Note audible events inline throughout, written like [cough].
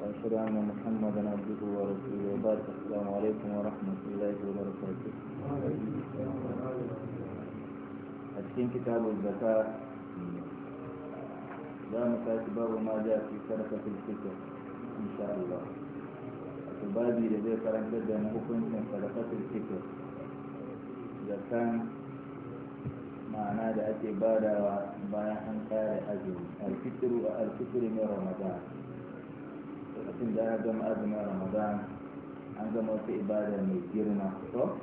وأشهد أن محمدا عبده ورسوله وبارك السلام عليكم ورحمة الله وبركاته أتكين كتاب الزكاة لا مكاتب باب ما جاء في سرقة الفكر إن شاء الله البابي لدي كرم جدا نحكم من سرقة الفكر إذا كان معناه da ake badawa bayan an kare azumi alfitru alfitru min ramadan mutum da ya gama azumin ramadan an gama wata ibada mai girma to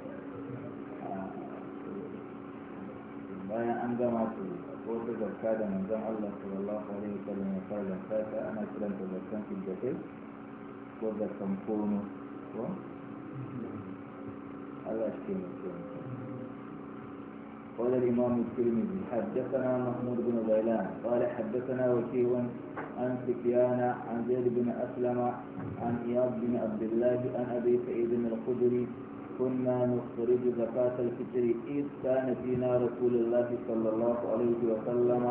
bayan an gama su wata zakka da manzon Allah sallallahu alaihi wasallam ya fara zakka ta ana kiranta zakkan fiddatai ko zakkan kono ko الله يشكينا قال الإمام الترمذي حدثنا محمود بن غيلان قال حدثنا وكيع عن سفيان عن زيد بن أسلم عن إياد بن عبد الله عن أبي سعيد الخدري كنا نخرج زكاة الفطر إذ كان فينا رسول الله صلى الله عليه وسلم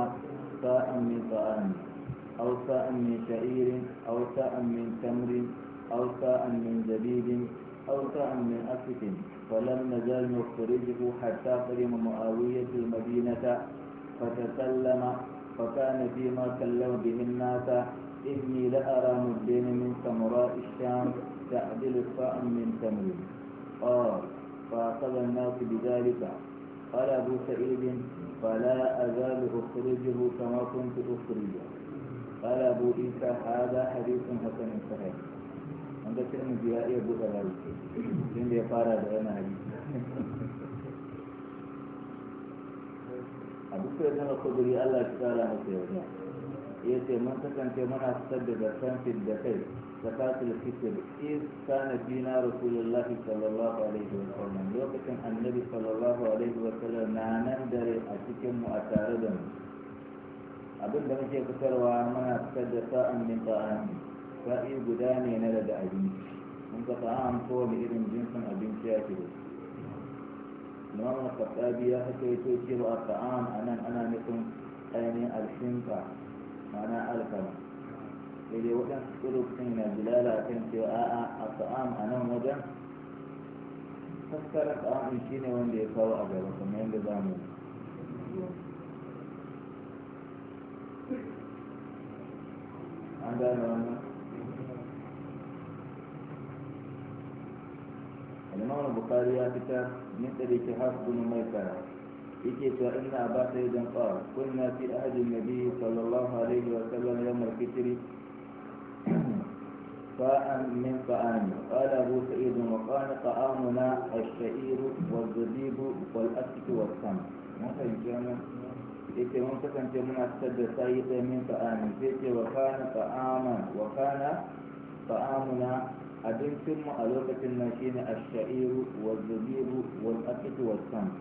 ساء من طعام أو ساء من شعير أو ساء من تمر أو ساء من زبيب أو ساء من أسف فلم نزال نخرجه حتى قدم معاوية المدينة فتسلم فكان فيما كلوا به الناس إني لأرى مدين من سمراء الشام تعدل الصاع من تمر قال فأخذ الناس بذلك قال أبو سعيد فلا أزال أخرجه كما كنت أخرجه قال أبو عيسى هذا حديث حسن صحيح عند الترمذي يا أبو غلال عند يقارب أنا حديث sai na kuduri Allah ya tsara masa yau ya ce mun kasance muna fitar da zartan da kai zakatul fitr iz kana bina rasulullahi sallallahu alaihi wa sallam lokacin annabi sallallahu alaihi wa sallam na nan dare a cikin mu a tare da mu abin da muke fitarwa muna fitar da sa'an min ta'ami sa'i guda ne na da abinci mun ga ta'am ko wani irin jinsin abinci ya ke da imam al-khattabi ya haka yato cewa ta'am anan ana nufin ainihin alshinka ma'ana alkama sai dai waɗansu tsirrukin na bilala kan cewa a'a a ta'am anan wajen fassara ta'am shine wanda ya kawo a gaba kuma yadda za mu an gane wannan imam al-bukhari ya fitar min tariki hafs bin maisara yake cewa inna aba sayyidan qala kunna fi ahdi an-nabi sallallahu alaihi wa sallam yawm al-fitr فاء من طعام قال أبو سعيد وقال طعامنا الشعير والزبيب والأسك والسمن ما فهمت yake mun kasance muna fitar da sayi ɗaya min ta'amin sai ce wa kana ta'aman wa kana ta'amuna abincinmu a lokacin nan ne ash-sha'iru wa zubiru wal aqtu wa sam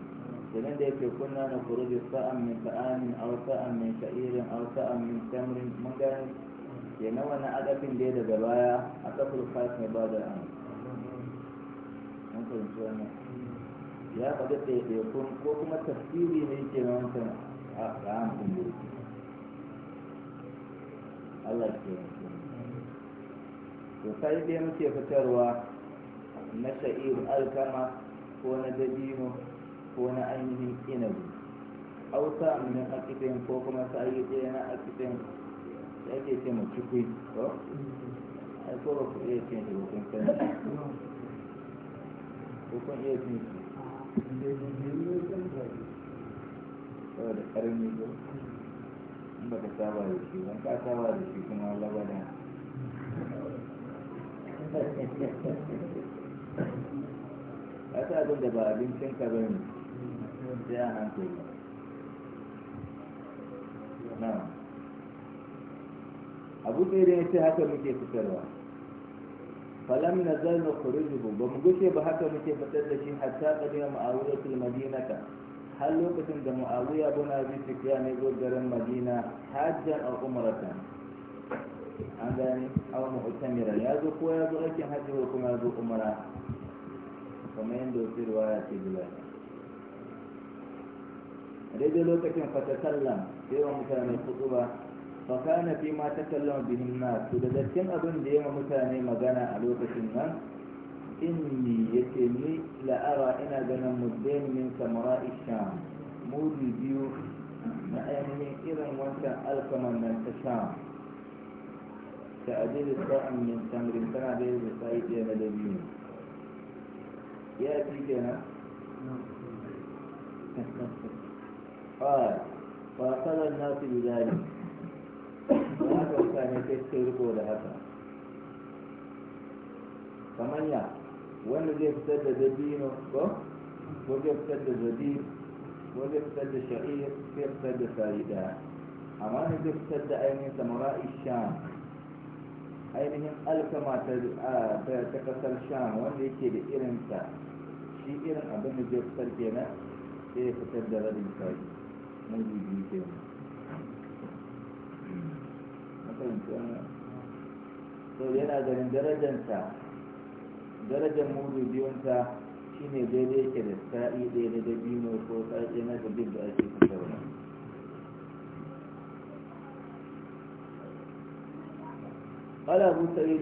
idan da yake kunna na kuruji sa'an min ta'amin aw sa'an min sha'irin aw sa'an min tamrin mun gani na wannan adabin da ya daga baya a kafin khas ne ba da an mun fahimci wannan ya faɗi ɗaiɗaikun ko kuma tafsiri ne ke wancan a ɗan kumburi Allah ke yi to sai dai muke fitarwa na sha'ir alkama ko na dabino ko na ainihin inabi auta min akifin ko kuma sai dai na akifin da ake ce mu cikui to ai ko ba ku iya cin shi kun san ko kun iya cin shi saboda karni ko in baka saba da shi ba ka saba da shi kuma labadan a ta abin da ba abincin ka ba ne sai a hankali na abu ɗaya da ya ce haka muke fitarwa falam na zan na zubu, ba mu gushe ba haka muke fitar da shi hatta ƙadiyar ma'awuyatul madinata har lokacin da ma'awuya bana abi sufyan ya garin madina hajjan a an gane awa mu'tamira ya zo ko ya zo aikin hajji ko kuma ya zo umara kamar yadda wasu riwaya ce bilal a daidai lokacin fatakallam sai wa mutane kutuba fa kana fi ma takallama bihim na su da dattin abin da yawa mutane magana a lokacin nan inni yace ni la'ara ina ganin muddain min samara'i sham biyu na ainihin irin wancan alkaman nan ta sham تعديل الطعم من تمر تنع به بسائد يا مدنيون يأتي كنا قال فأخذ الناس بذلك هذا كان يتسير قول هذا ثمانية وين جاي بتد الدين وكو وجاي بتد الدين وجاي بتد الشعير كيف بتد فريدة أما نجي بتد أين ثمراء الشام ainihin alkama ta kasar sham wanda yake da irinsa shi irin abin da zai fitar kenan sai ya fitar da rabin kai mun ji biyu kenan makaranci so yana ganin darajansa darajar mudu biyunsa shine daidai yake da sa'i ɗaya na dabino ko sa'i na dabino da ake fitarwa قال أبو سعيد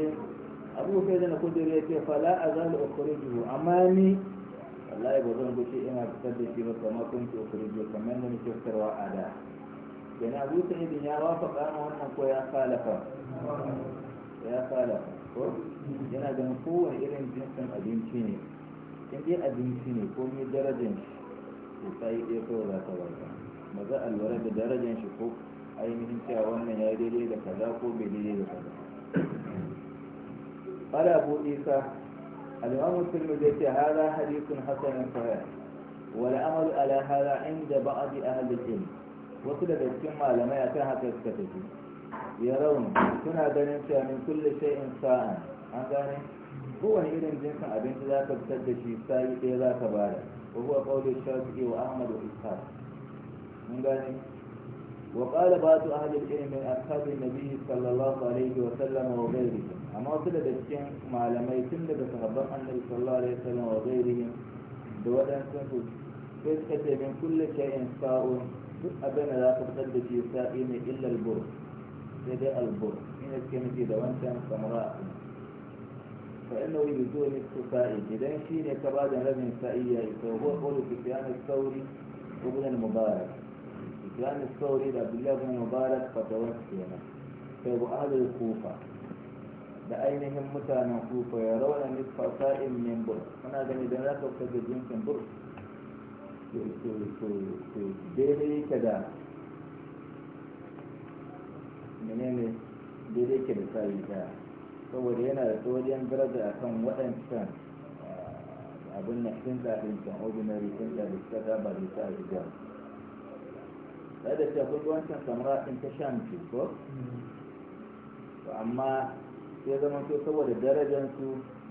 أبو سعيد نقول da فلا أزال أخرجه أماني والله بظن بشيء إنا بسد في كما كنت أخرجه كمان من تفتر وعدا يعني أبو سعيد يا رافق أنا وأنك ويا خالف يا خالف yana ganin kowane irin jinsin abinci ne in dai abinci ne ko mai darajan shi to sai ɗaya kawai za ta ba? maza alwara da darajan shi ko ainihin cewa wannan ya daidai da kaza ko bai daidai da kaza قال أبو عيسى الإمام الترمذي هذا حديث حسن صحيح والأمر على هذا عند بعض أهل العلم وصل بالجمع لما يتاها تسكته يرون كنا ganin cewa min kulle shay'in sa'a. an gane kowane irin jinsin abinci za ka fitar da shi sa'i ɗaya za ka bada wa huwa qawlu shafi'i wa wa mun gane وقال بعض أهل العلم من أصحاب النبي صلى الله عليه وسلم وغيره أما وصل مع لما يتم بصحابة النبي صلى الله عليه وسلم وغيرهم دولا سنفو فسكت من كل شيء ساء أبنى لا تبقد في سائن إلا البر سيداء البر من الكلمة دوانتا سمراء فإنه يدور نصف سائل إذا شيء يتبادل رجل سائية فهو قول كيان الثوري ابن المبارك لأن الصور إذا بالله بن مبارك فتوسينا طيب أهل الكوفة بأينهم متانا كوفة يرون نصف صائم من بر أنا أقول إذا لا تفتد يمكن بر ديري كذا منين ديري كذا سايي كذا saboda yana da tsohon birada a kan waɗancan abin na ƙin zaɓin ƙin ordinary ƙin da ba da ta rigar da da ta gudu wancan samra din ta sham ce ko to amma sai zama to saboda darajar su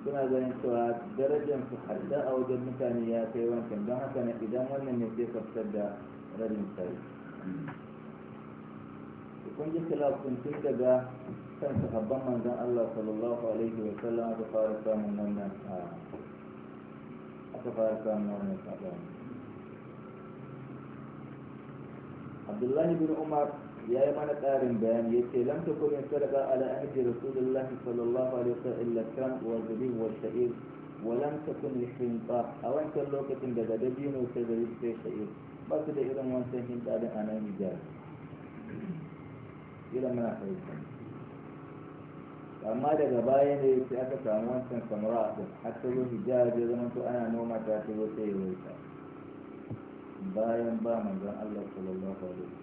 suna ganin cewa darajar su hadda a wajen mutane ya kai wancan don haka na idan wannan ne sai kafsar da rabin sai kun ji khilafin tun daga kan sahabban manzon Allah sallallahu alaihi wa sallam aka fara samun wannan ah, aka fara samun wannan sabani عبد الله بن عمر يا من قارن بان لم تكن الفرقة على أهل رسول الله صلى الله عليه وسلم إلا كان والذبيب والشعير ولم تكن لحين طاح أو أنت اللوكة بذبين وتذبيب في الشعير بس إذا إذا ما انتهي أنا أنا مجال إلى من أحيث أما لك باين لك أكثر أموان سمراء حتى يوم جاء جزمان أنا نومة تأتي وتأتي وتأتي bayan ba manzan Allah sallallahu alaihi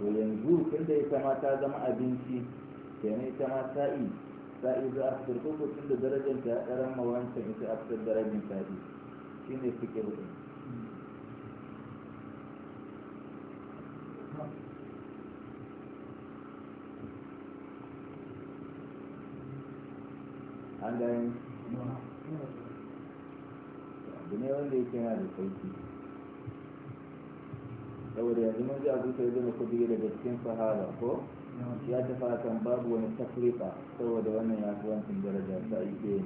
to yanzu tunda ita ma ta zama abinci kenan ita ma sa'i sa'i za a fitar ko da darajar ta karan ma wancan ita a fitar darajar sa'i shine fikir din an gani abu ne wanda yake yana da sauki saboda yanzu mun ji abu sai zama kudi daga cikin sahara ko ya tafi babu wani tafrika saboda wannan ya fi wancan daraja ta ike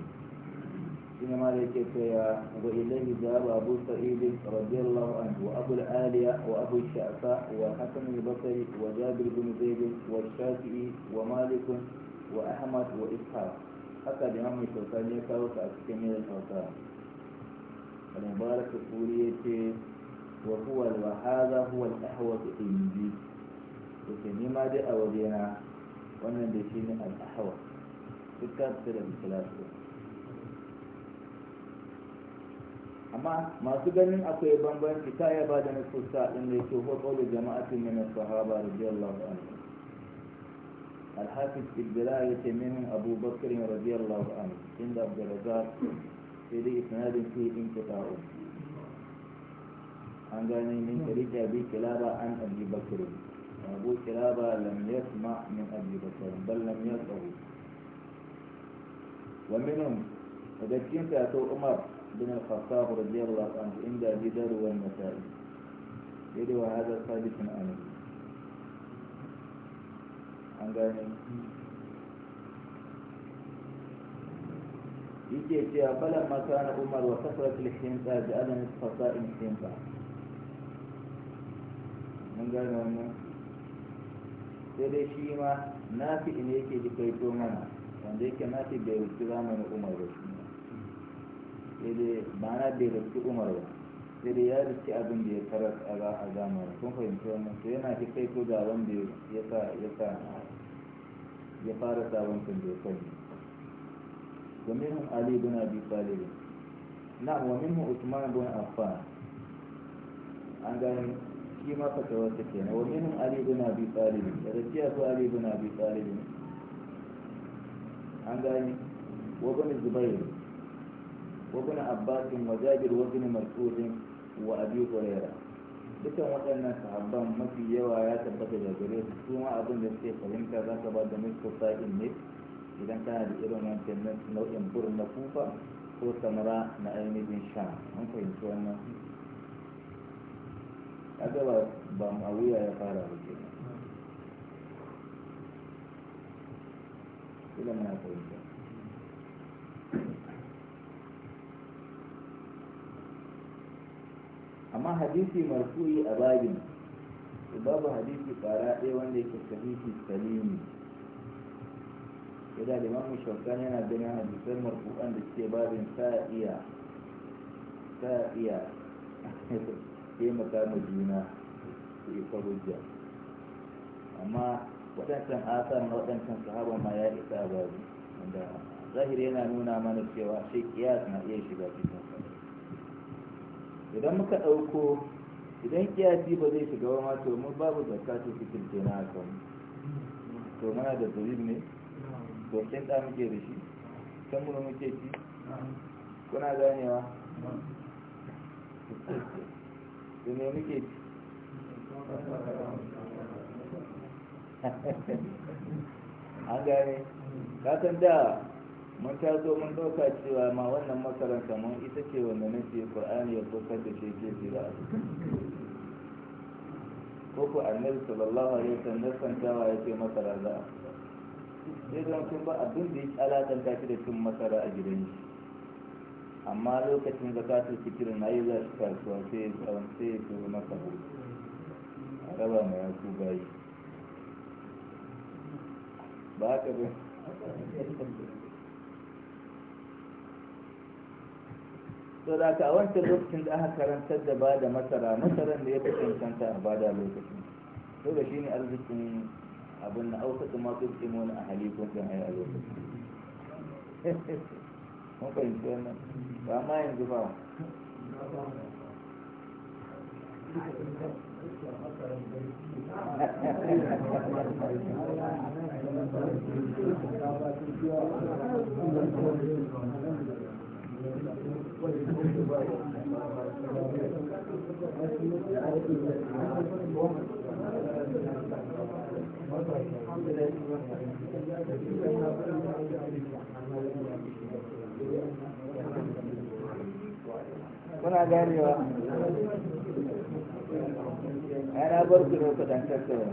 shi ne ma da yake cewa wa ilahi zaba abu sa'id radiyallahu anhu wa abu aliya wa abu sha'asa wa hasan al-basri wa jabir bin zaid wa shafi'i wa malik wa ahmad wa ishaq haka da imam ne ya kawo ta a cikin yin shaukani المبارك قوليتي وهو وهذا هو الأحوط إنجي وكني ما دي أولينا وانا دي شيني الأحوط فكرت سيرة الثلاثة أما ما ganin أكو يبان بان كتايا بعد da nasusa ɗin da yake hoto da jama'atin min sahaba radiyallahu anhu الحافظ في البلاية منهم أبو بكر رضي الله عنه عند عبد الرزاق بإسناد فيه انقطاع عن جاني من طريق أبي كلابة عن أبي بكر أبو كلابة لم يسمع من أبي بكر بل لم يسمع ومنهم وقد كنت أتو عمر بن الخطاب رضي الله عنه عند أبي ذر والنسائي يروى هذا ثابت عنه عن جاني yake cewa falan maka na umar wa kasar filhinsa da adam fasa in hinsa mun gane wannan sai dai shi ma nafi ne yake to mana wanda yake nafi bai rufi zamanin umar ba shi sai dai ba na bai rufi umar ba sai dai ya rufi abin da ya karar a zamanin kun fahimci wannan sai yana to da wanda ya sa ya fara sabon kan da ne. ومنهم علي بن أبي طالب نعم ومنه عثمان بن عفان عندهم كما فتوسكين ومنهم علي بن أبي طالب رجعت علي بن أبي طالب عندهم وابن الزبير وابن عباس وجابر وابن مسعود وأبي هريرة dukan waɗannan sahabban mafi yawa ya tabbata da gare su kuma abin da suke fahimta za ka ba da musu sa'in ne idan kana da irin wancan nau'in bur na kufa ko samara na ainihin sha an fahimci wannan kaga ba ba mawuya ya fara ba ke ilan na fahimta amma hadisi marfu'i a babin babu hadisi fara ɗaya wanda yake sahihi salimi da limamin shaukan yana ganin hadisan marfu'an da suke babin sa iya sa iya taimaka ma juna su isa hujja amma waɗancan asan waɗancan sahaban ma ya isa babu wanda zahiri yana nuna mana cewa shi kiyas na iya shiga cikin sa idan muka ɗauko idan kiyasi ba zai shiga ba ma to mun babu zakatun fikin na akan to muna da dalil ne dokin da muke da shi mu muke ci kuna ganewa da ne muke ci an gane kasan da mun taso mun ɗauka cewa ma wannan makaranta mun ita ce wanda na ce ƙur'ani ya tsokar da ke ke zira ko ku annabi sallallahu alaihi wasallam santawa ya ce masa raza'a zan zanto ba abin da ya ci alaƙanta shi da cin masara a gidan shi amma lokacin ka zakatul fitr na yi za su kasuwa sai ya tsawon sai sabo a raba mai ya su bayi ba haka ba sau da ka wancan lokacin da aka karantar da ba da masara masaran da ya fi cancanta a ba da lokacin to da shi ne arzikin abin na auka kuma su ce wani a halikun kan ai a lokacin mun ba ma yanzu ba Thank you. muna ganewa ana bar ku da kudan tattawa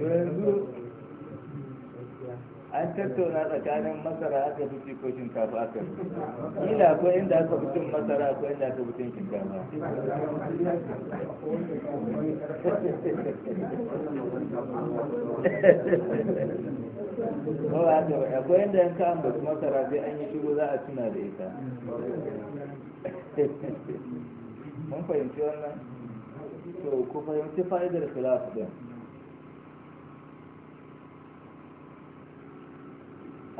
yanzu an tattauna tsakanin masara aka fi ko shinkafa aka fi kila ko inda aka fi masara ko inda aka fi shinkafa ko ba aka fi ko inda yanka an basu masara sai an yi shigo za a tuna da ita mun fahimci wannan to ku fahimci fa'idar khilaf din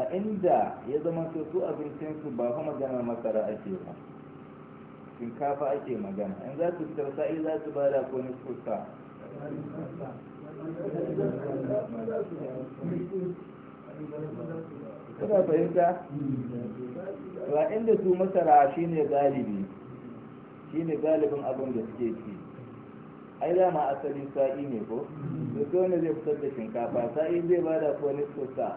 a inda ya zama su su abincinsu ba kuma maganar masara ake ba shinkafa ake magana in za su fitar sa'i za su ba da kone kusa kuna fahimta ba inda su masara shine galibi shine galibin abin da suke ci ai dama asali sa'i ne ko duk ne zai fitar da shinkafa sa'i zai ba da kuwa nisto sa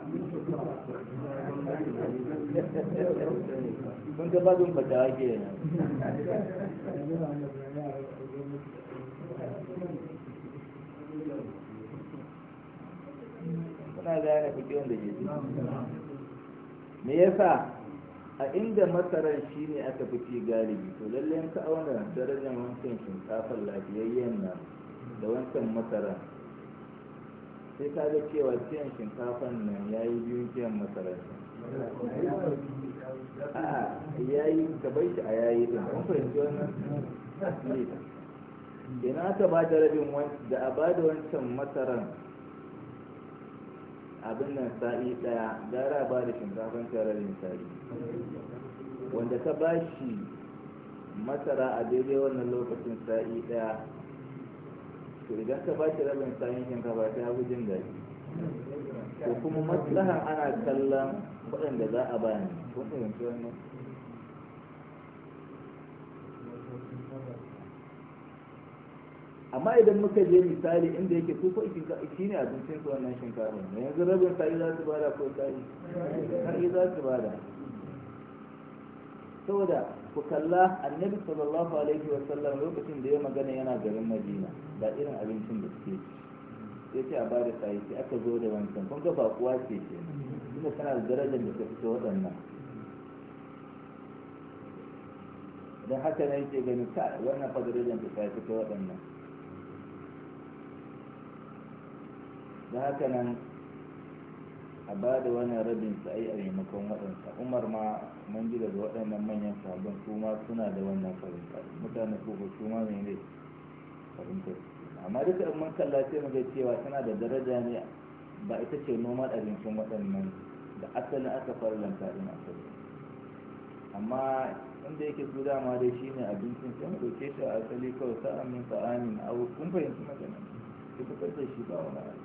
kun ba babin fata wake yana kuna gane kuke wanda ke me yasa a inda masarar shi ne aka fi ci galibi to lalle yanka auna darajar wancan shinkafar lafiyayyen nan da wancan masarar sai ka ga cewa ciyan shinkafar nan ya yi biyun ciyan masarar a yi ka bai shi a yayi din kun fahimci wannan ne ina ka ba da rabin da a ba da wancan masarar abin nan sa'i daya gara ba da shinkafin da sa'i wanda ka ba shi masara a daidai wannan lokacin sa'i daya to idan ka ba shi rabin sa'in shinkafa ta fi jin ko kuma maslahan ana kallon waɗanda za a bani kun fahimci wannan amma idan muka je misali inda yake su fa shi ne abincin su wannan shinkafa ne yanzu rabin sa'i za su bada ko sa'i sa'i za su bada saboda ku kalla annabi sallallahu alaihi wa sallam lokacin da ya magana yana garin madina da irin abincin da suke sai ce a bada sa'i sai aka zo da wancan kun ga kuwa ce ce kuma tana da darajar da ta fito waɗannan don haka ne yake gani ta wannan fadarajar da ta fito waɗannan da haka nan a ba da wannan rabin su ai a maimakon waɗansa umar ma mun ji daga waɗannan manyan sabon su ma suna da wannan fahimta mutane ko su ma mai ne fahimtar amma duk in mun kalla sai mu ga cewa tana da daraja ne ba ita ce noman abincin waɗannan da asalin aka fara din asali amma inda yake su dama dai shine abincin sai mu ɗauke shi a asali kawai sa'an min sa'anin abu kun fahimci magana ki fitar da shi ba wani abu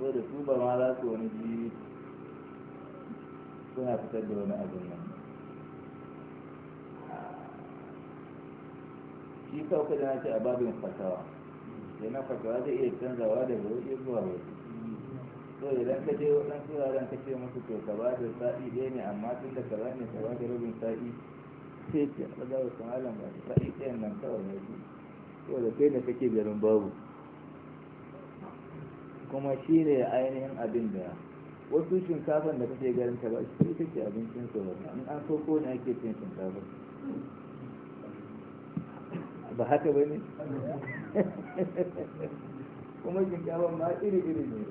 ko da su ba ma za su wani jiri suna fitar da wani abin nan shi kawai da ce a babin fatawa na fatawa zai iya canzawa daga waje zuwa wasu so idan ka je waɗansu yaran ka ce musu to ka ba da sa'i ɗaya ne amma tun da kaza ne ka ba da rabin sa'i sai ce a ɗaga wasu malam ba sa'i ɗayan nan kawai ne so da kai ne kake garin babu kuma shi ne ainihin abin da wasu shinkafan da kake ganin ta ba shi ta ke abincin su ba in an so ko ne ake cin shinkafa ba haka ba ne [laughs] kuma shinkafan ma iri-iri ne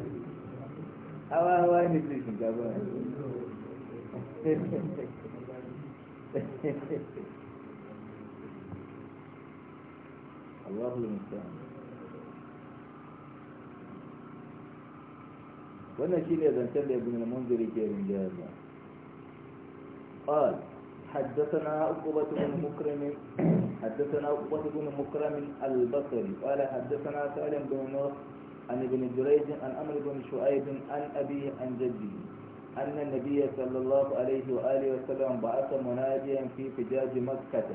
[laughs] hawa hawa ne cin shinkafa [laughs] الله المستعان وانا shi اذا zancen da ibn al-munziri قال حدثنا عقبة بن مكرم حدثنا عقبة بن مكرم البصري قال حدثنا سالم بن نوح عن ابن جريج عن عمرو بن شعيب عن أبيه عن جده أن النبي صلى الله عليه وآله وسلم بعث مناديا في فجاج مكة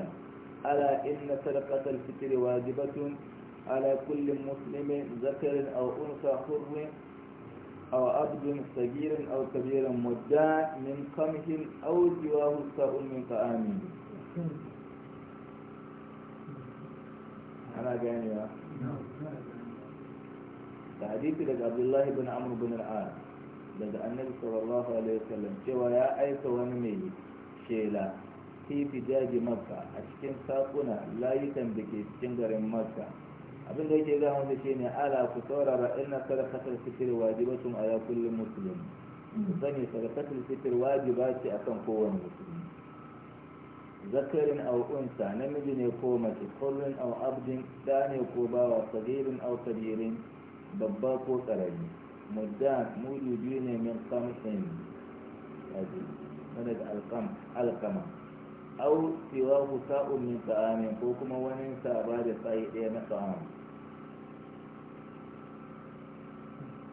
ألا إن سرقة الفطر واجبة على كل مسلم ذكر أو أنثى حر أو عبد صغير أو كبير مدع من قمح أو جواه ساء من طعام أنا جاني يا حديث لك عبد الله بن عمرو بن العاص لدى النبي صلى الله عليه وسلم cewa يا أيت wani شيلا fi bijaji makka a cikin sakuna layukan da ke cikin garin makka abin da yake gaya masa ne ala ku saurara inna sadaqatul fitr wajibatun ala kulli muslim ku sani sadaqatul fitr wajiba ce akan kowane musulmi zakarin aw unsa namiji ne ko mace kullun au abdin da ne ko bawa sagirin aw kabirin babba ko karami muddan mudu biyu ne min qamsin da alkama au cewa ku sa'un min ta'amin ko kuma wani saba da tsayi ɗaya na ta'am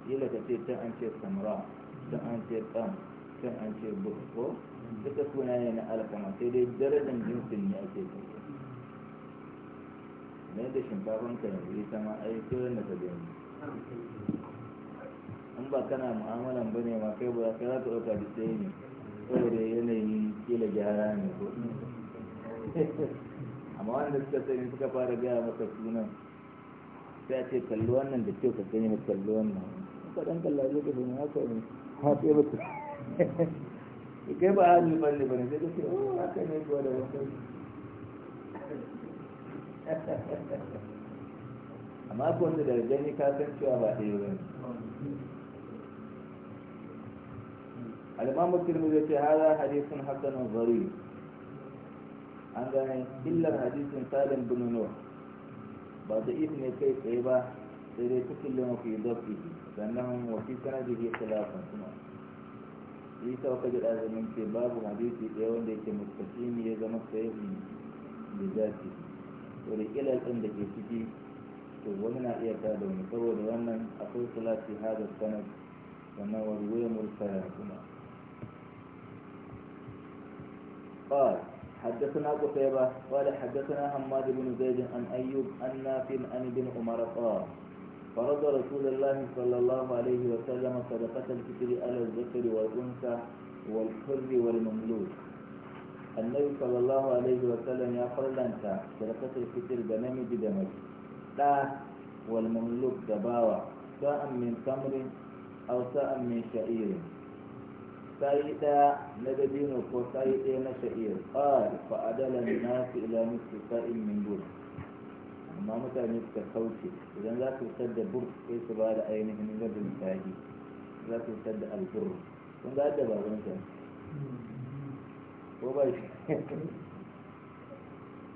kila ka ce can an ce samra can an ce tsam can an ce buk ko duka suna ne na alkama sai dai darajar jinsin ne ake kai ne da shinkafan ka yanzu ita ma ai kiran da ka gani in ba kana mu'amalan ba ne, ma kai ba kai za ka ɗauka da sai ne saboda yanayi kila gyara ne ko amma wanda suka sani suka fara gaya maka sunan sai a ce kalli wannan da kyau ka gani na kalli wannan ka dan kalla zai ka sani haka ne ha sai ba ka [laughs] kai ba a ni balle bane sai ka ce oh haka ne kuwa da wannan [laughs] amma ko wanda da gani ka san cewa ba ɗaya ba ne الإمام الترمذي في هذا حديث حسن غريب عندنا إلا حديث سالم بن نوح بعد إذن كيف إبا سيدي تكلم في ضبطه لأنهم وفي سنده خلاف ليس إيسا وقد آه من في باب حديث إيوان ديك مستقيم يزم السيد بذاته ولي إلى الآن ديك يسكي ومن إيكاد ومطور وأن أقول خلاف هذا السند وأنه روي مرسل كما قال حدثنا قتيبة قال حدثنا حماد بن زيد عن أيوب عن نافع عن ابن عمر قال فرض رسول الله صلى الله عليه وسلم صدقة الفطر على الذكر والأنثى والحر والمملوك النبي صلى الله عليه وسلم يا أنت صدقة الفطر بنمي بدمك لا والمملوك دباوة ساء من تمر أو ساء من شعير sa'i ɗaya na dabino ko sa'i ɗaya na sha'ir qal fa adala nasu ila nisfi sa'in min bur amma mutane suka kauce idan za su fitar da bur sai su ba da ainihin rabin sa'i za su fitar da albur kun ga da baban ta ko ba shi [laughs]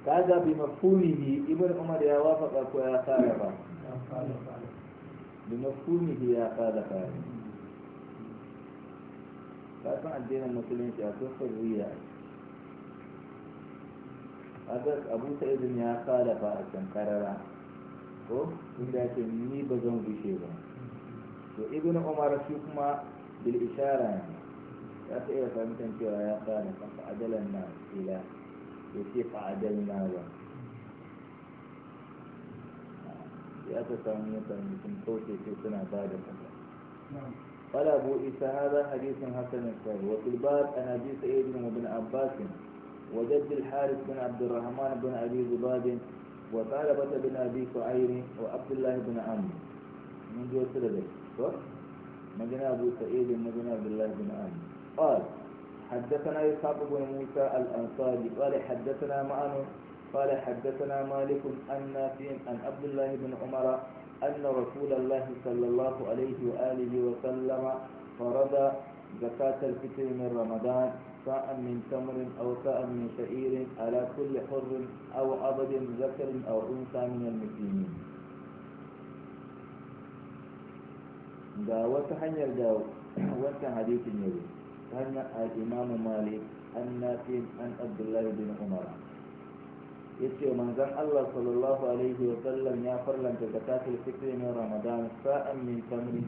kaga bi mafhumihi ibn umar ya wafaqa ko ya ba bi mafuni ya khalafa kafin addinin musulunci a sun a agas abu sa'idin ya ba a can karara ko inda ce ni ba zan gushe ba to ibn umar shi kuma bil ishara ne ya ta iya fahimtar cewa ya salafa adalan na ila ya ce fa'adal na ba ya ta samu mutane sun ya ce suna ba da kasa قال أبو إيسى هذا حديث حسن الصحيح وفي الباب أن أبي سعيد وابن عباس وجد الحارث بن عبد الرحمن بن أبي زباد وثعلبة بن أبي سعير وعبد الله بن عمرو من جوة سلبي صح؟ مدينة أبو سعيد مدينة عبد الله بن عمرو قال حدثنا إسحاق بن موسى الأنصاري قال حدثنا معن قال حدثنا مالك أن نافع أن عبد الله بن عمر أن رسول الله صلى الله عليه وآله وسلم فرض زكاة الفطر من رمضان ساء من تمر أو ساء من شعير على كل حر أو عبد ذكر أو أنثى من المسلمين دا wata hanyar da حديث النبي كان الإمام مالك al أن عبد الله بن عمر yace manzon Allah sallallahu alaihi wa sallam ya farlanta zakatul fitr na Ramadan sa'an min tamri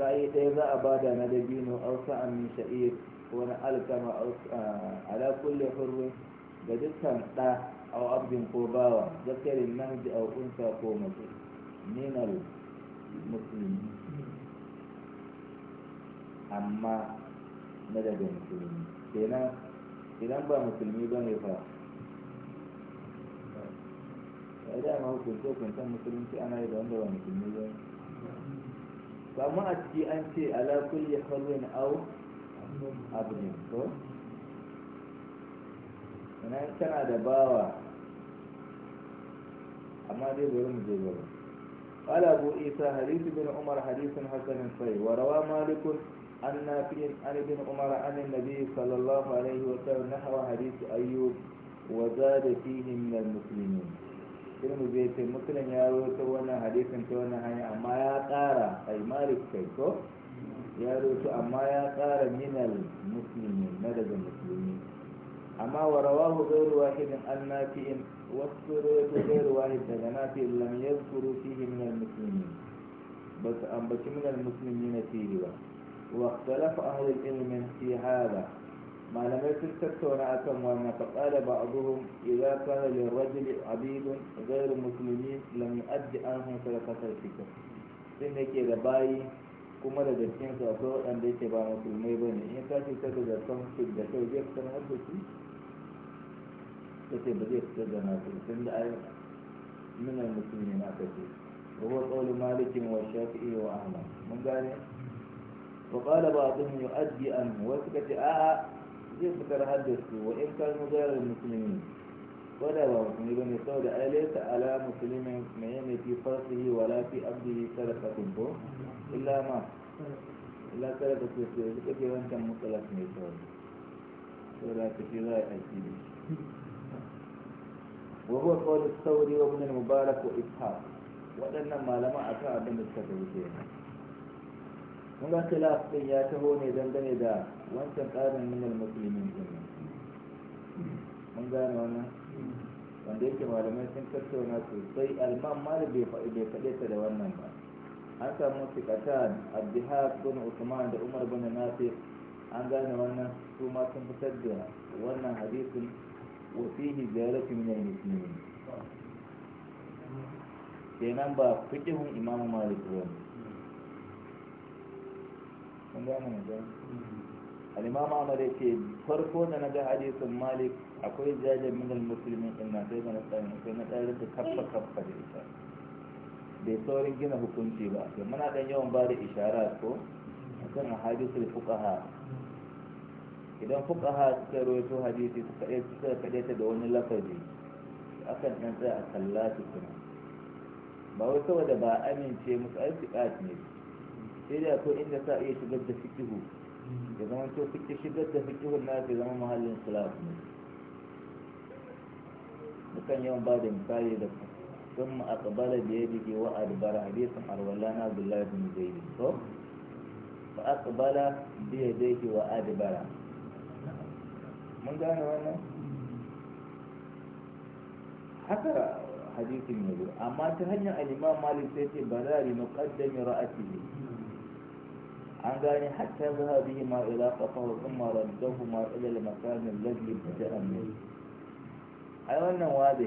sai dai za a bada na dabino aw sa'an min sha'ir ko na alkama aw ala kulli hurr da dukkan da aw abdin ko bawa zakarin nan da aw unsa ko mace minal muslimi amma na daga musulmi kenan idan ba musulmi bane fa ai dama hukunce hukuncen musulunci ana yi da wanda ba musulmi ba to amma a ciki an ce ala kulli halwin au abin ko sannan tana da bawa amma dai bari mu je gaba قال أبو عيسى حديث بن عمر حديث حسن صحيح وروى مالك عن نافع عن ابن عمر عن النبي صلى الله عليه وسلم نحو حديث أيوب وزاد فيه من المسلمين tirmidhi zai ce musulun ya rawaito wannan hadisin ta wannan hanya amma ya ƙara ai malik kai ko ya rawaito amma ya ƙara minal muslimi na daga musulmi amma wa rawahu ghayru wahidin an nafi'in wasu rawaito ghayru wahid daga nafi'in lam yadhkuru fihi min al muslimin بس أنبت من المسلمين فيه واختلف أهل العلم في هذا ما لم يستكت ونأتا وما فقال بعضهم إذا كان للرجل عبيد غير مسلمين لم يؤدي أنهم سلقة الفكر إن إذا باي كما لدكين سأطوء أن ديك بعض مسلمين بني إن كانت الفكر صنف في الدكو ديك سنهدتي تتجد بديك سنهدتي سند أي من المسلمين أكثر وهو قول مالك والشافعي وأحمد من قال وقال بعضهم يؤدي أنه وسكت آه كيف تتحدث وإن كان مجال المسلمين ولا وهم من ابن سعود أليس على مسلم ما في فرسه ولا في أبده سلفة بو إلا ما إلا سلفة في سعود كيف يوان كان مطلق من سعود سعود كثيرا أجيبه وهو قول الثوري وابن المبارك وإسحاق وأن ما لم أتعب من السكوتين ولا خلاف فيها تهوني زندني دا وانت قادم من المسلمين جميعا من قال وانا وانديك ما لم يسن كتو ناسو طي المام ما لبي فإلي فليس لوانا ما أنت موسيقى تان الدهاب بن عثمان دا عمر بن ناسي أن قال وانا تو ما كنت تدعى وانا حديث وفيه زيارة من المسلمين كي نمبر فتهم إمام مالك وانا kun gane magana al-imam Ahmad yace farko da naga hadisin Malik akwai jaje min al-muslimin na sai na tsaya sai na tsaya da kaffa kaffa da ita bai saurin gina hukunci ba to muna dan yawan ba da ishara ko A akan hadisul fukaha. idan fukaha suka rawaito hadisi suka yi suka ta da wani lafazi akan dan tsaya a su kuma ba wai saboda ba amince musu aiki fiqat ne إلى كإن سائر يتبدى فكره إذا ما أنتوا فكر شبدى فكره الناس إذا ما مهل الانقلاب وكان يوم بعد مثال يدفع ثم أقبل بيدك وأدبر عليه سمحر ولا ناب الله بن زيد فأقبل بيدك وأدبر من دعنا وانا حتى حديث النبي أما تهنى الإمام مالك سيتي بلال مقدم رأته an gane hatta zaha bihi ma ila qafahu thumma raddahuma ila al-makan alladhi bada'a min ai wannan wabe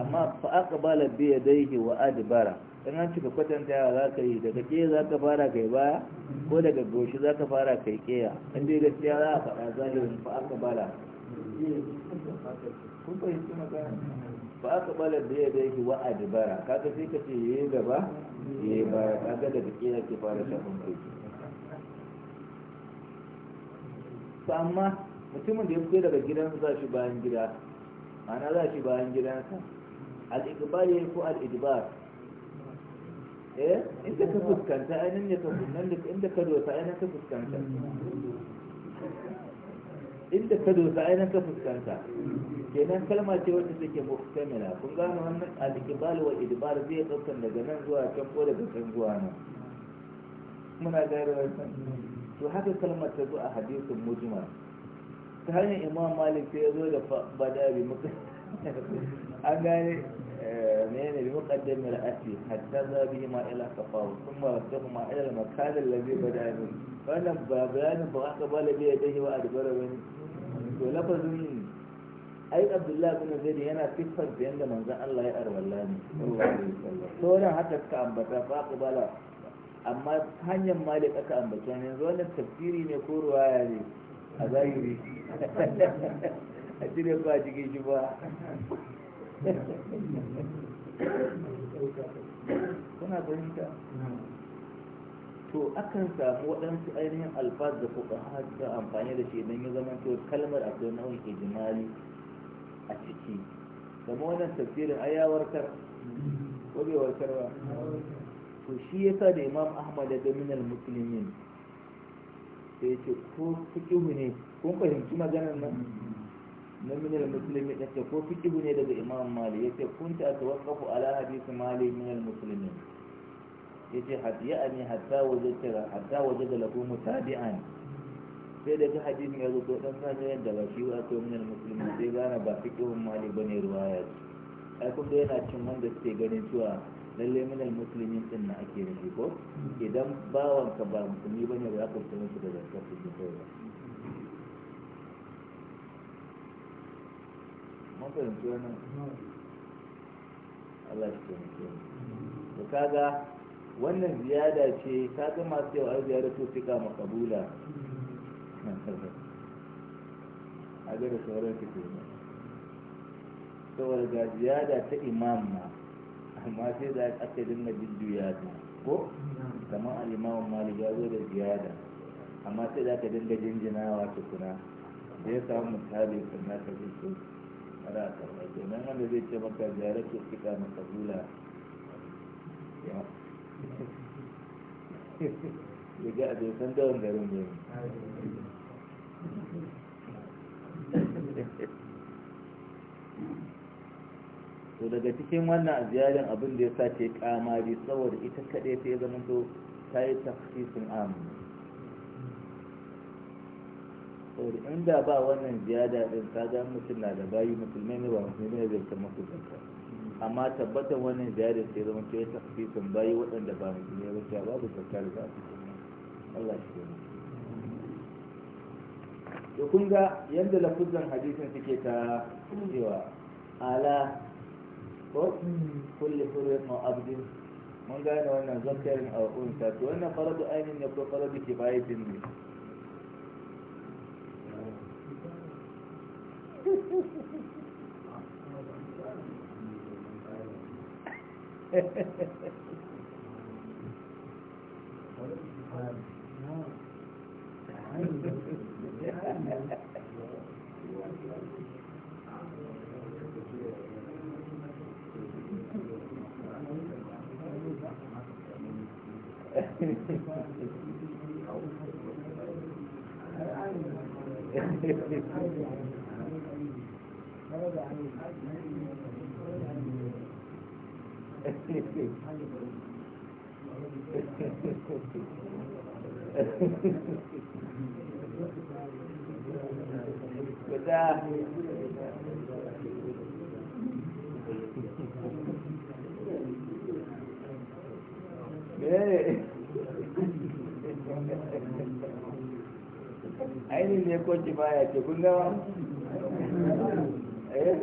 amma fa aqbala bi yadayhi wa adbara in an cika kwatanta za ka yi daga ke za ka fara kai baya ko daga goshi za ka fara kai keya in dai gaskiya za a faɗa zahirin fa aka kun fahimci magana fa aqbala bi yadayhi wa adbara kaga sai ka ce yayi gaba yayi baya kaga daga ke za ka fara shafin kai to amma mutumin da ya fito daga gidan za shi bayan gida ma'ana za shi bayan gidansa al-iqbal ya ko al eh inda ka fuskanta ainihin ne ka fuskanta inda ka dosa ainihin ka fuskanta inda ka dosa ainihin ka fuskanta kenan kalma ce wacce take muhtamila kun gano wannan al wa idbar zai daukan daga nan zuwa can ko daga can zuwa nan muna gane wannan to haka kalmar ta zo a hadisin mujmal ta hanyar imam malik sai ya zo da bada bi [laughs] an gane eh, menene bi muqaddam al asli hatta za bi ma ila kafaw thumma rasahu ma ila makal makan alladhi bada bi wannan ba bayanin ba aka bala bi yadihi wa adbara wani to lafazin ai abdullahi bin zaid yana siffar da yanda manzon Allah ya arwalla ne sallallahu alaihi wasallam to dan haka ka ambata fa aka bala amma hanyar malik aka ambata ne yanzu wannan tafsiri ne ko ruwaya ne a zahiri a cire ko a cikin shi ba kuna fahimta to akan samu waɗansu ainihin alfaz da kuka haka amfani da shi don ya zama to kalmar a kai nau'in ijimali a ciki kama wannan tafsirin ayyawarkar ko bai warkarwa to shi ya sa da imam ahmad da minal musulmin sai ya ce ko fikihu ne kun fahimci maganar nan na minal musulmin ya ce ko fikihu ne daga imam mali. ya ce kun ta kafu ala hadisi mali minal musulmin ya ce hadiya ne hatta wajadta hatta wajada lahu ne sai da ta hadisin ya zo to dan sa yadda ba shi wa to minal musulmin sai gane ba mali fikihun malik ruwa ruwaya ai kun da yana cin wanda suke ganin cewa lalle mana musulmin din na ake nufi ko idan bawanka ba musulmi bane ba za ka fita musu da zakar su ke ba mun fahimci Allah shi taimake mu to kaga wannan ziyada ce kaga masu yau wa ziyara to fika makabula [laughs] a ga da sauran fito ne saboda ga ziyada ta imam ma kuma sai da aka dinga jujjuya ta ko kamar alimawan malik ya zo da ziyada amma sai da aka dinga jinjinawa tukuna da ya samu misali sannan ka ji su ana karɓar kenan wanda zai ce maka ziyarar ke fika maka zula ya ga abin san dawon garin ne Thank [laughs] you. to daga cikin wannan ziyarin abin da ya sace kamari saboda ita kaɗai ta ya zama to ta yi tafsirin amin saboda inda ba wannan ziyada din ta ga mutum na da bayi musulmai ne ba musulmai ne zai kan masu ta amma tabbatar wannan ziyada sai zama to ya tafsirin bayi waɗanda ba musulmai ba ta babu zakka da su Allah shi ne to kun ga yadda lafuzan hadisin suke ta cewa ala ko hmm, kulli furrin wa mun gane wannan zakarin a unsa to wannan faradu ne ko faradu ne Thank [laughs] [laughs] you. [laughs] guda ainihin ne ko kifaya ce kun gawa eh.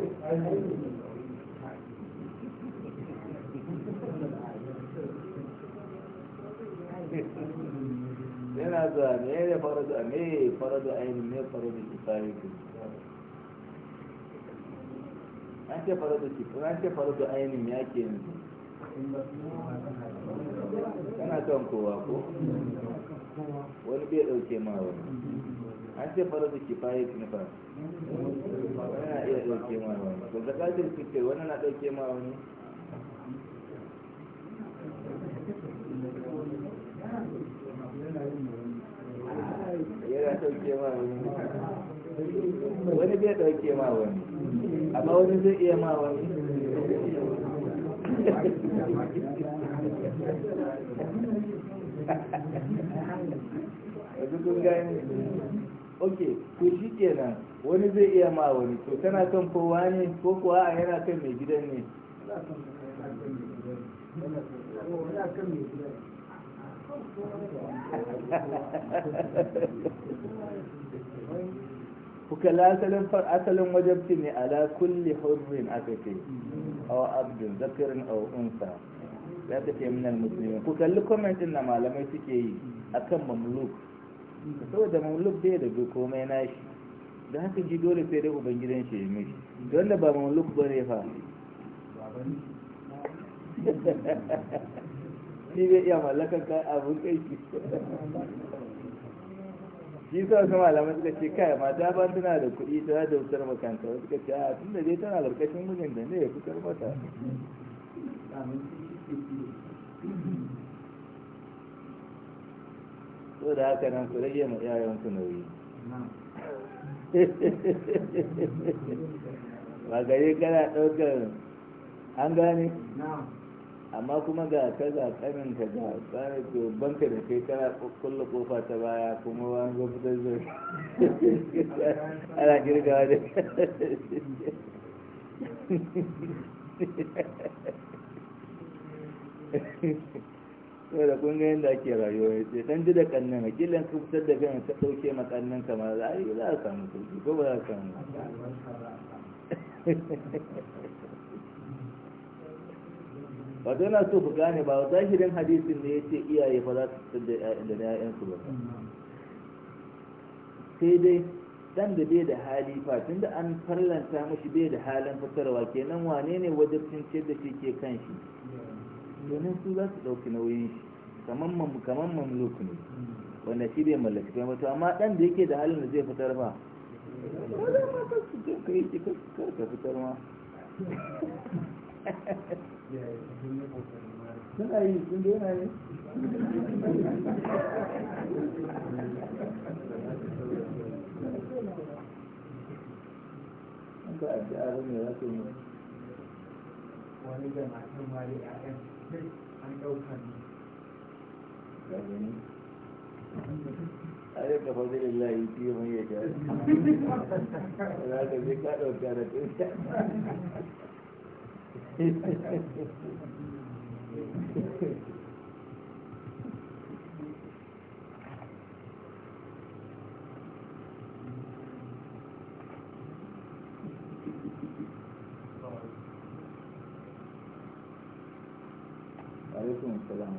yana zuwa me ne fara faradu a fara zuwa ainihin ne me faradu kifaya ku an ce faradu kifaya an fara zuwa ainihin ya ke yanzu kana son kowa ko wani bai dauke ma wani an ce fara da ke faye ne fa yana iya ɗauke ma wani ka zakatul fitr wannan na ɗauke ma wani yana ɗauke ma wani wani bai ɗauke ma wani amma wani zai iya ma wani yanzu kun gani ok to shi kenan wani zai iya ma wani to tana kan kowa ne ko kuwa a yana kan mai gidan ne kuka asalin asalin wajabci ne ala kulli hurrin aka ce aw abdin zakarin aw unsa ya ta ce minal muslimin ku kalli comment din malamai suke yi akan mamluk saboda mamluk dai da duk komai nashi da haka ji dole sai dai ubangidan shi ya mishi don da ba mamluk ba ne fa Ni bai iya mallakar ka abin kai shi shi sa wasu malamai suka ce kai mata ba tana da kuɗi ta da wutar makanta suka ce a tun da dai tana karkashin mijin da ne ya fitar mata so da haka nan ku rage ma su nauyi ba gari kana ɗaukar an gane amma kuma ga ka ga kanin ka ga tsara to banka da kai kana kulla kofa ta baya kuma wani fitar zai ana girgawa da [laughs] Thank kawai da kun ga yadda ake rayuwa ya ce san ji da kannan a kilan ka fitar da gani ta ɗauke ma kannan kamar za a yi za a samu sauki ko ba za a samu [laughs] wato yana so ku gane ba wata zahirin hadisin da ya ce iyaye ba za su fitar da ‘ya'yansu ba sai dai dan da bai da hali fa tun da an farlanta mashi bai da halin fitarwa kenan wane ne wajibcin ce da shi ke kan shi domin su za su ɗauki nauyin shi kamar mamluk ne wanda shi bai mallaki kai mutu amma ɗan da yake da halin da zai fitar ba wanda ma ka su ce ka yi kar ka fitar ma suna yi sun da yana yi ka addu'a ne za ka yi wani da matan mari a are ka faɗi lillahi fiye mai ya ja za ka ka ɗauka da [laughs] na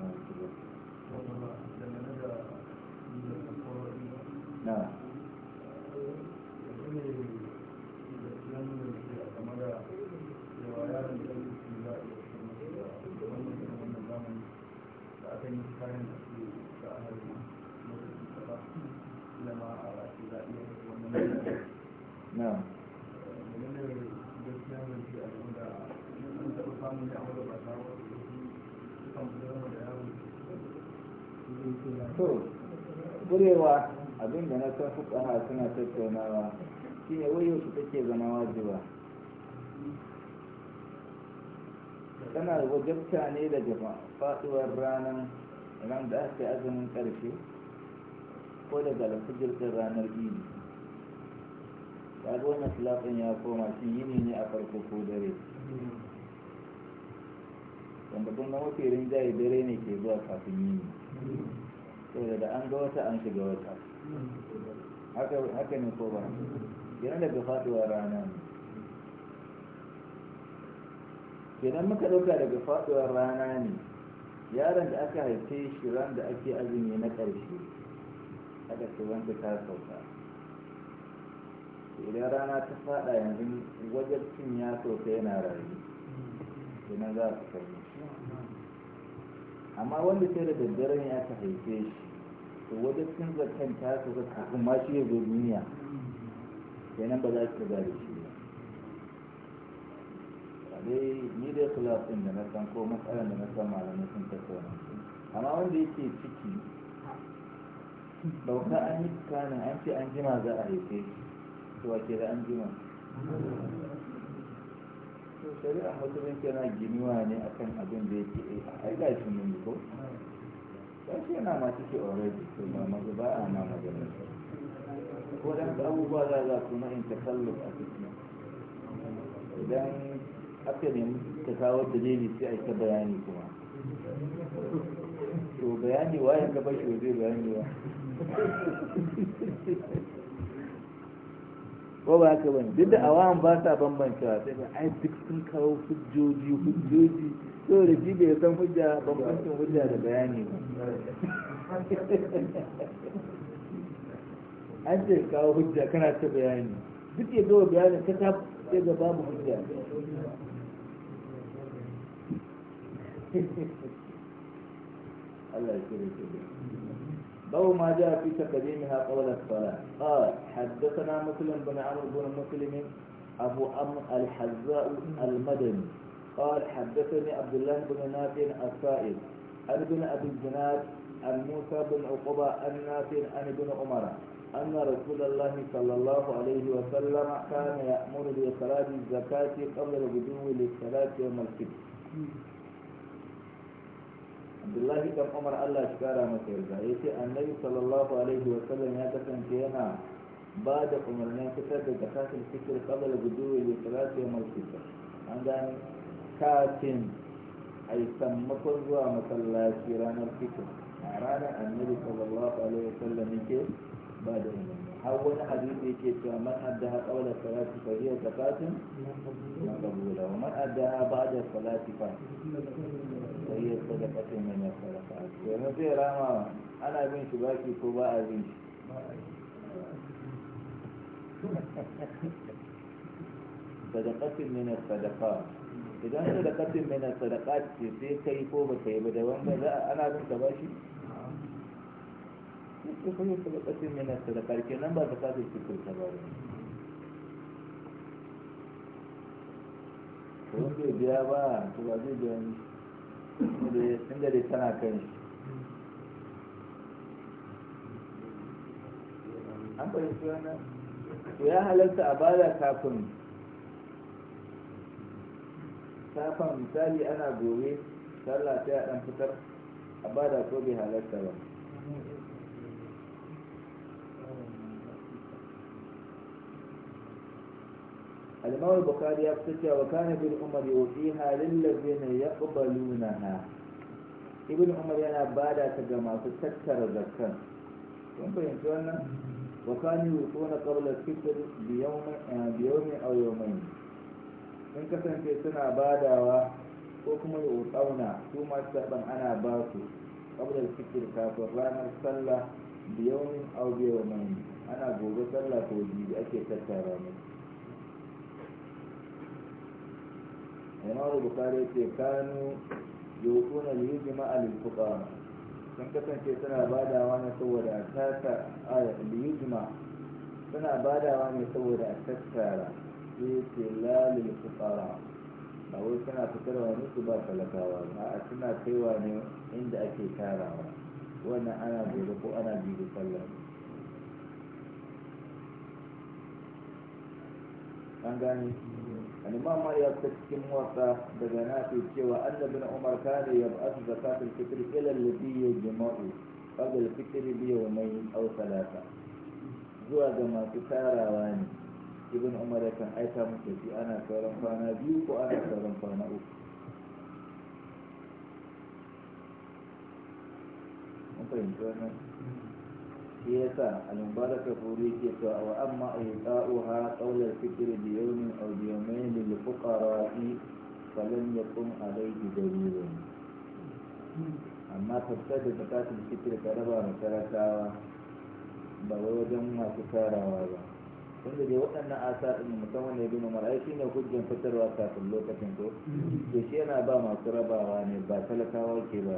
to gurewa abin na san fukaha suna tattaunawa shine wayo su take zama wajiba tana wajabta ne daga faduwar ranar ran da aka yi azumin karfe ko daga alfijir ɗin ranar idi Ya zo na ya koma shi yini ne a farko ko dare wanda kuma mafi rinjaye dare ne ke zuwa kafin yini saboda da an ga wata an shiga wata haka ne ko ba kenan daga faduwa rana ne kenan muka dauka daga faduwa rana ne yaron da aka haife shi ran da ake azumi na ƙarshe aka ce wanda ta sauka idan rana ta fada yanzu wajen cin ya sauka yana rayu kenan za a fitar amma wanda sai da daddaren ya ta haife shi to wajen sun zakan ta su zaka kuma shi ya zo duniya kenan ba za ki ga da shi ba dai ni da kulafin da na san ko matsalan da na san malamai sun tattauna amma wanda yake ciki bauta an yi kanin an ce an jima za a haife shi to ake da an jima shari'a musulunci yana ginuwa ne akan abin da yake eh, ai ga shi mun ko gashi yana ma cike already to ba maza ba a ma magana ko dan abubuwa za za su na intakalluf a ciki idan aka ne ta kawo dalili sai ai ta bayani kuma to bayani waye ka bashi zai bayani ba [laughs] ko ba haka bane duk da awawan ba sa bambancewa sai ba ai duk sun kawo hujjoji hujjoji to da shi bai san hujja bambancin hujja da bayani ba [laughs] an ce kawo hujja kana ta bayani duk ya zo bayanin ta ta sai ga babu hujja [laughs] Allah ya kire ki أو ما جاء في تقديمها قول الصلاة قال حدثنا مسلم بن عمرو بن مسلم أبو أمر الحزاء المدني قال حدثني عبد الله بن نافع السائل عن ابن أبي الزناد عن موسى بن عقبة عن نافع عن ابن عمر أن رسول الله صلى الله عليه وسلم كان يأمر بإخراج الزكاة قبل الغدو للصلاة يوم الفتح abdullahi kan umar allah shi kara masa yarda ya ce annabi sallallahu alaihi wa sallam ya kasance yana ba da umarnin fitar da zakatul fitr qabl gudu ya salatu ya malkita an gane kafin ai yi sammakon zuwa masallaci ranar fitr a ranar annabi sallallahu alaihi wa sallam yake ba da umarni har wani hadisi yake cewa man addaha qawla salati fa hiya zakatun maqbula wa man ba ba'da salati fa wai ya sada fatin mai na sarrafa yanzu zai rama ana bin shi baki ko ba a bin shi sadaqatin min sadaqat idan ce sai kai ko ba kai ba da wanda za a ana bin ka bashi kenan ba ka kurta ba biya ba to ba zai biya ni inda dai tana kan an fahimci wannan ya halarta a bada kafin kafin misali ana gobe sallah sai a dan fitar a bada ko bai halarta ba ya bin الإمام البخاري يفتكى وكان ابن عمر يوصيها na يقبلونها ابن umar yana bada ta ga masu tattara zakkan kun fahimci wannan wa kani yusuna qabla fitr bi yawmi eh, bi yawmi aw yawmayn kasance suna badawa ko kuma yutsauna su masu saban ana ba su qabla fitr kafin ranar sallah bi yawmin aw bi ana gobe sallah ko biyu ake tattara musu imam bukari ce kanu yukuna liyujma al fuqara sun kasance suna badawa ne saboda tata aya liyujma suna badawa ne saboda tattara sai ce la lil fuqara ba wai suna fitarwa ne su ba talakawa ba a suna kaiwa ne inda ake tarawa wannan ana gobe ko ana bibi sallah an gane الإمام مالك تسكن موطا بدناتي سوى أن ابن عمر كان يبعث زكاة الفطر إلى الذي يجمع قبل الفطر بيومين أو ثلاثة zuwa ga masu tarawa ne ibn umar kan aika musu shi ana sauran kwana biyu ko ana sauran kwana uku yasa al-mubarak furi ke to wa amma iqa'uha qawla al da bi yawmin aw bi yawmayn lil fuqara'i falam yakun alayhi dalilun amma tafsir da zakatun fitiri ka raba makaratawa ba wai wajen masu tarawa ba tunda da waɗannan asa ɗin musamman ne bin umar ai shine hujjan fitarwa kafin lokacin ko to shi yana ba masu rabawa ne ba talakawa ke ba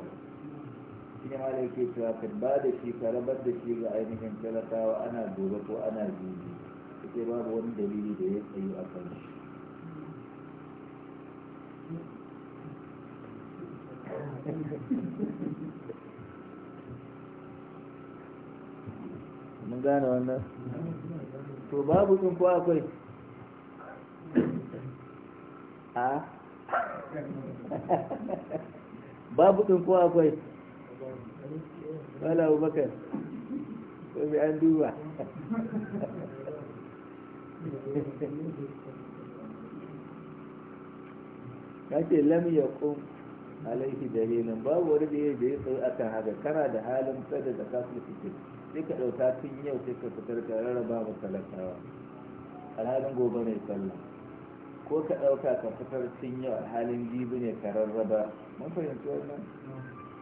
shi ne malai ke cewa ka ba da shi ka rabar da shi ga ainihin talakawa ana gobe ko ana ta ce babu wani dalili da ya tsayi a kan shi mun gane wannan to babu ɗin ko akwai a [laughs] babu ɗin ko akwai wala abubakar ko bi an duba ya ce lam ya kun alaihi dalilin babu wani da ya je tsaye a kan haka kana da halin tsada da kasu fitin sai ka ɗauka tun yau sai ka fitar ka rarraba ba talakawa alhalin gobe ne sallah ko ka ɗauka ka fitar tun yau alhalin jibi ne ka rarraba mun fahimci wannan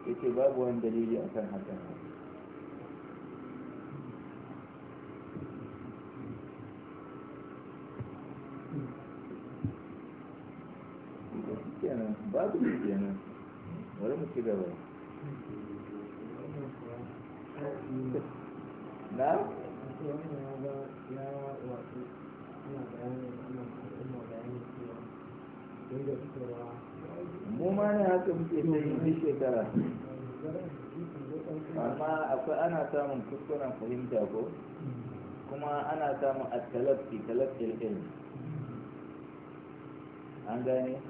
yace babu wani dalili akan haka kenan babu kenan bari mu ci gaba na ya mu ma ne haka muke ta yi duk shekara amma akwai ana samun kuskuren fahimta ko kuma ana samun a talafi talafil ilmi an gane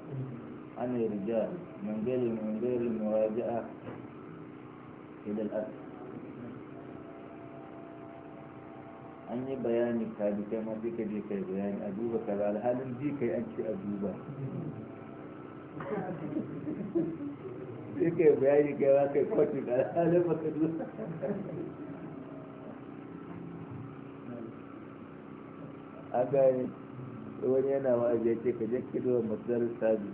an rijal من غير من waje a إلى الأصل an yi bayani ka bi kai ma sai ka je kai bayani a duba kaza alhalin ji kai an ce a duba sai kai bayani kai ba kai a gane wani yana wa'azi ya ce ka je kido wa masarar sabi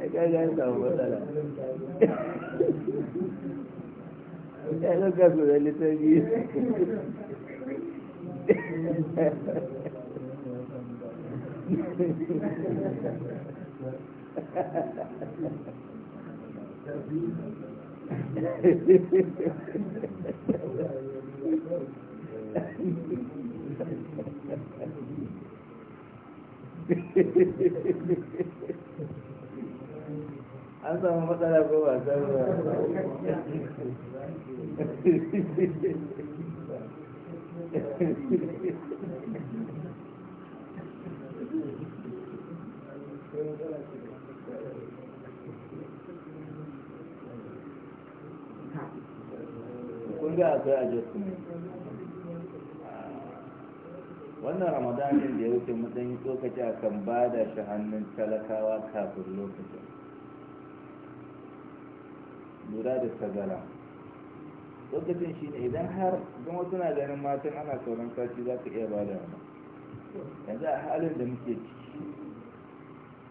ya gaga ya samu matsala ẹlẹ́gbẹ́ kò Thank you. an samu matsala ko ba samu ba kun ga akwai wannan ramadanin da ya wuce matsayin tsokaci akan ba da shi hannun talakawa kafin lokacin lura da tazara lokacin shi ne idan har wasu suna ganin matan ana sauran sati za ka iya bada wani yanzu a halin da muke ciki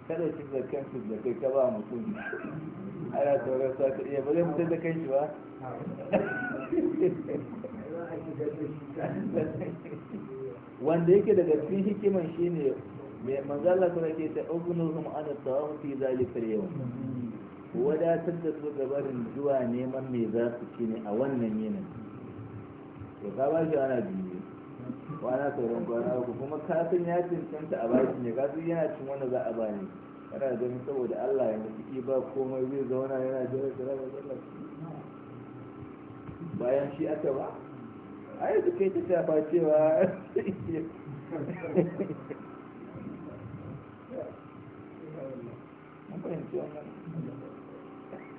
kada shi da kansu da kai ka ba mutum ana sauran sashi iya bada mutum da kai shi ba wanda yake daga cikin hikiman shine mai manzala kuma ke ta ugunuhum an tsawon fi zalika yau? wadatar da su gabarin zuwa neman me za su ci ne a wannan yinin to ka ba shi ana biyu kwana sauran kwana uku kuma kafin ya cancanta a bashi ne kafin yana cin wanda za a bani kana gani saboda Allah ya mutu ba komai zai zauna yana jira jira da Allah bayan shi aka ba ai su kai ta shafa cewa an [laughs] fahimci wannan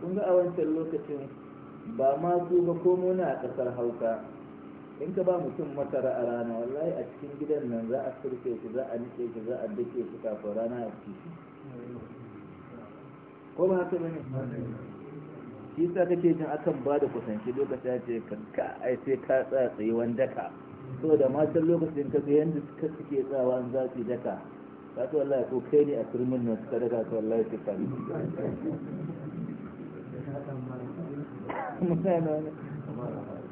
kun ga a wancan lokacin ba ma su ba ko muna a ƙasar hausa in ka ba mutum masara a rana wallahi a cikin gidan nan za a surfe shi za a nike shi za a dake shi kafin rana a ciki ko ba haka bane shi sa kake jin akan ba da kusanci lokaci ya ce ka ai sai ka tsaya yi wanda ka so da matan lokacin ka ga yanda ka suke tsawa an za su daka ka ta wallahi ko kai ne a turmin nan suka daga ka wallahi sai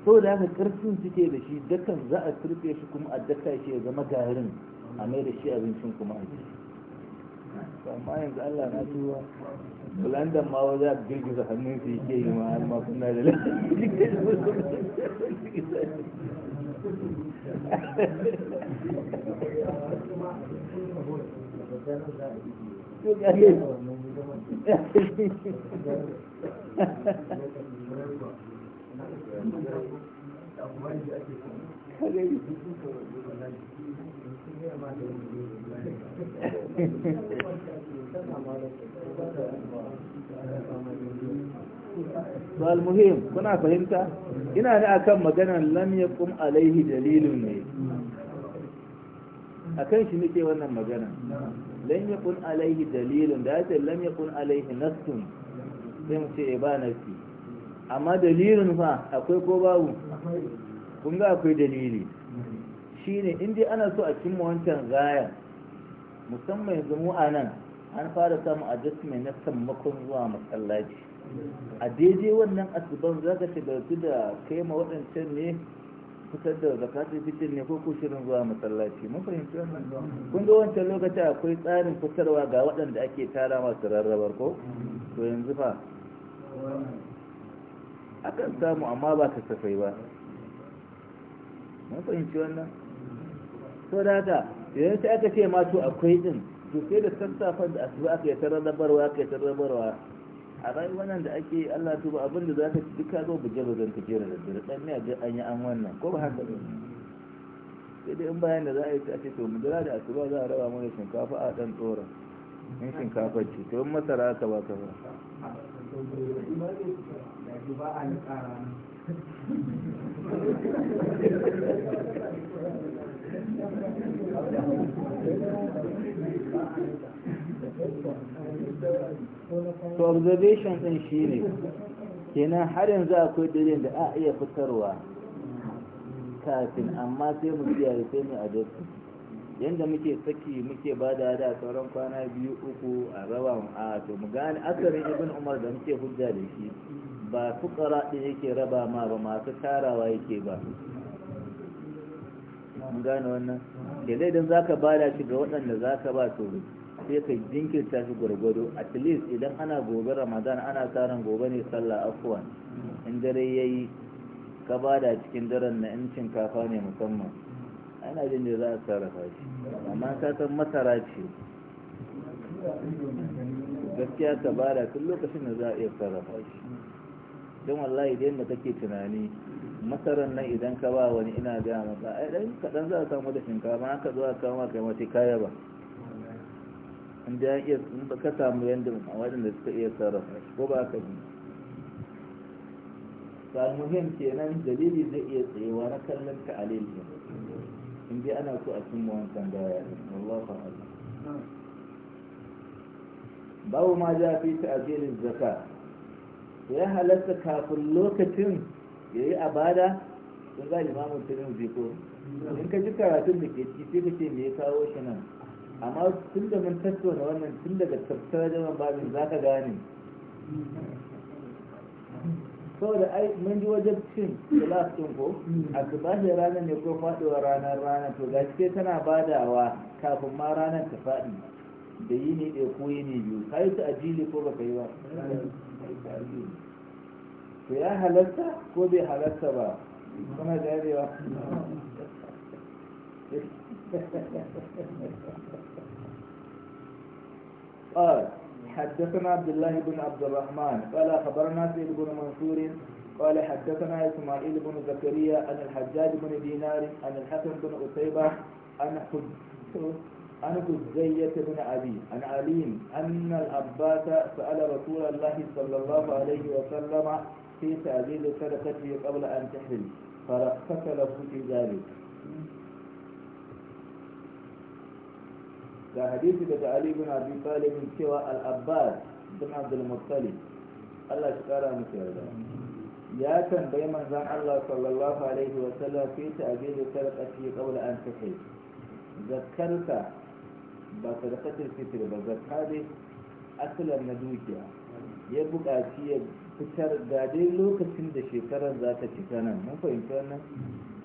so da haka karfin suke da shi dakan za a turfe shi kuma a daka shi ya zama garin a mai da shi abincin kuma a ba ma yanzu Allah na tuwa bulandan ma wajen a girgiza hannun su yake yi ma har ma kuna da lafiya muhim kuna fahimta ina ne akan maganar lam yaqum alaihi dalilun ne akan shi nake wannan magana lan yakun alaihi dalilun da yace lam yakun alaihi nassun sai mu ce ba nassi amma dalilun fa akwai ko babu kun ga akwai dalili shine in dai ana so a cimma wancan gaya musamman yanzu mu a nan an fara samun adjustment na sammakon zuwa masallaci a daidai wannan asuban za ka shigar da kai ma waɗancan ne fitar da zakatun fitir ne ko ko shirin zuwa masallaci mun fahimci wannan kun ga wancan lokacin akwai tsarin fitarwa ga waɗanda ake tara masu rarrabar ko to yanzu fa akan samu amma ba safai ba mun fahimci wannan to da haka idan sai aka ce ma to akwai din to sai da sassafen da asibi aka yi ta rarrabarwa aka yi ta rarrabarwa a nan da ake Allah tuba abin da zaka ci duka zo buge ba zan jera da dare dan ne ga an yi an wannan ko ba haka ba sai dai in bayan da za a yi ta ce to mudura da asuba za a raba mana shinkafa a dan tsoron in shinkafa ce to masara ka ba ka ba Thank [laughs] you. to observation din shi ne kenan har yanzu akwai dare da a iya fitarwa kafin amma sai mu kiyaye sai mu adopti yanda muke saki muke ba da da sauran kwana biyu uku a raba a to mu gane asarin ibn umar da muke hujja da shi ba fukara ɗin yake raba ma ba masu tarawa yake ba mun gane wannan da idan zaka bada shi ga waɗanda zaka ba to sai ka jinkirta shi gwargwado at least idan ana gobe ramadan ana tsarin gobe ne sallah afwan in dare yi ka bada cikin daren na in kafa ne musamman ana jin da za a sarrafa shi amma ka san masara ce gaskiya ka bada tun lokacin da za a iya sarrafa shi don wallahi da kake tunani masarar nan idan ka ba wani ina gaya maka ai dan kaɗan za a samu da shinkafa haka zuwa kama kai mace kaya ba in da iya in ka samu yanda waɗanda suka iya sarrafa shi ko ba ka bi ba muhim kenan dalili zai iya tsayewa na kallon ka alilin in dai ana so a cimma wancan gaya ne wallahu a'lam babu ma ja fi ta'jirin zakka ya halatta kafin lokacin ya yayi abada sun ga imamu tirmidhi ko in ka ji karatun da ke ciki sai ka ce me ya kawo shi nan amma tun da mun tattauna da wannan tun daga tattara jaman babin za ka gane saboda ai mun ji wajen cin glass din ko hmm. a shi ranar ne ko faɗiwa ranar rana to gaske tana badawa kafin ma ranar ta faɗi da yi ne ɗaya ko yi ne biyu ka yi a ajili ko ba ka yi ba to ya halarta ko bai halarta ba kuma jarewa [laughs] [laughs] قال حدثنا عبد الله بن عبد الرحمن قال أخبرنا سيد بن منصور قال حدثنا إسماعيل بن زكريا عن الحجاج بن دينار عن الحسن بن أتيبة عن عن خزية بن أبي عن عليم أن العباس سأل رسول الله صلى الله عليه وسلم في تعديل صدقته قبل أن تحرم فرأسك له في ذلك ga hadisi daga Ali bin Abi Talib cewa Al-Abbas bin Abdul Muttalib Allah shi kara miki yarda ya tambayi manzon Allah sallallahu alaihi wa sallam fi ta'bil talqati qabla an tafi zakkarta ba sadaqatul fitr ba zakka dai asalan na dukiya ya buƙaci ya fitar ga dai lokacin da shekarar za ta cika nan mun fahimci wannan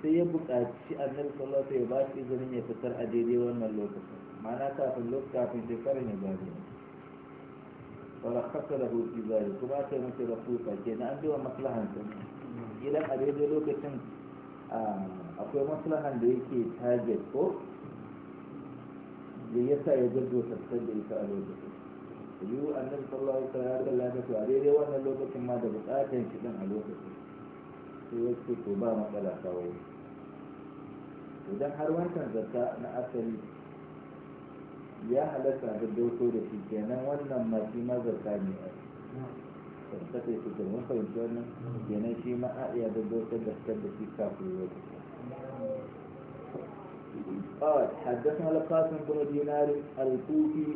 sai ya buƙaci annabi sallallahu alaihi wa sallam ya ba shi izinin ya fitar a daidai wannan lokacin mana kafin kafin shekarar ya gado ne kasa da hutu zari kuma sai mace da kuka ke na an biwa maslahan ta idan a daidai lokacin akwai maslahan da yake target ko da ya sa ya gado sassan da ita a lokacin yiwu annabi sallallahu alaihi wasallam ya kalla ta a daidai wannan lokacin ma da bukatan shi din a lokacin sai ya ce to ba matsala kawai idan har wancan zata na asali ya halatta da doto da shi kenan wannan ma shi ma zarta ne a tabbata shi da mun fahimci wannan kenan shi ma a iya da doto da fitar da shi kafin ya قال حدثنا القاسم بن دينار الكوفي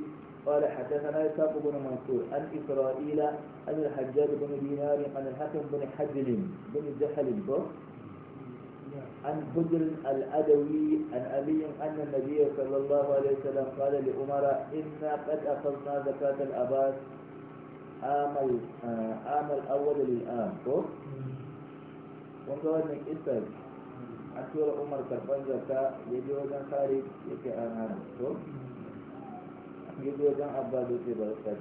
قال حدثنا إسحاق بن منصور عن إسرائيل عن الحجاج بن دينار عن الحكم بن حجل بن جحل بن عن بدر الأدوي عن أبي أن النبي صلى الله عليه وسلم قال لأمراء إنا قد أخذنا زكاة الأباس عام آه، عام الأول للآن وقال لك إسر أشور عمر كربان زكاة يجيو جان خارج يكي أنا يجيو جان أبادو في بلقات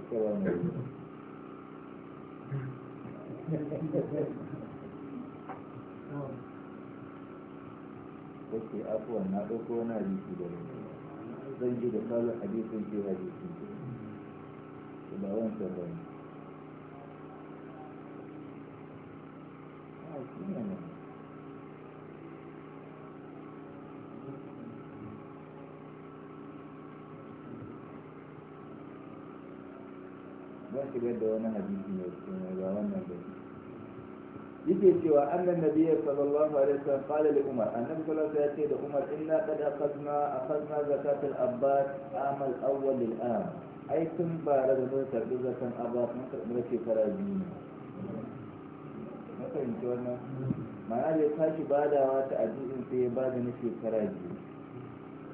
Oh. [laughs] yake afuwan na ɗauko wani hadisi da ne zan ji da hadisin ke ba wancan ba ne ah, ba shi da wani hadisi ne cikin wannan yake cewa annan nabiyya sallallahu alaihi wasallam qala li umar annabi sallallahu alaihi wasallam ya ce da umar inna qad aqadna aqadna zakat al-abbas amal awwal al-am ai sun bara da mun karbi zakan abbas mun karbi na shekara biyu na fahimci wannan ma'ana da ya tashi badawa ta addu'in sai ya bada na shekara biyu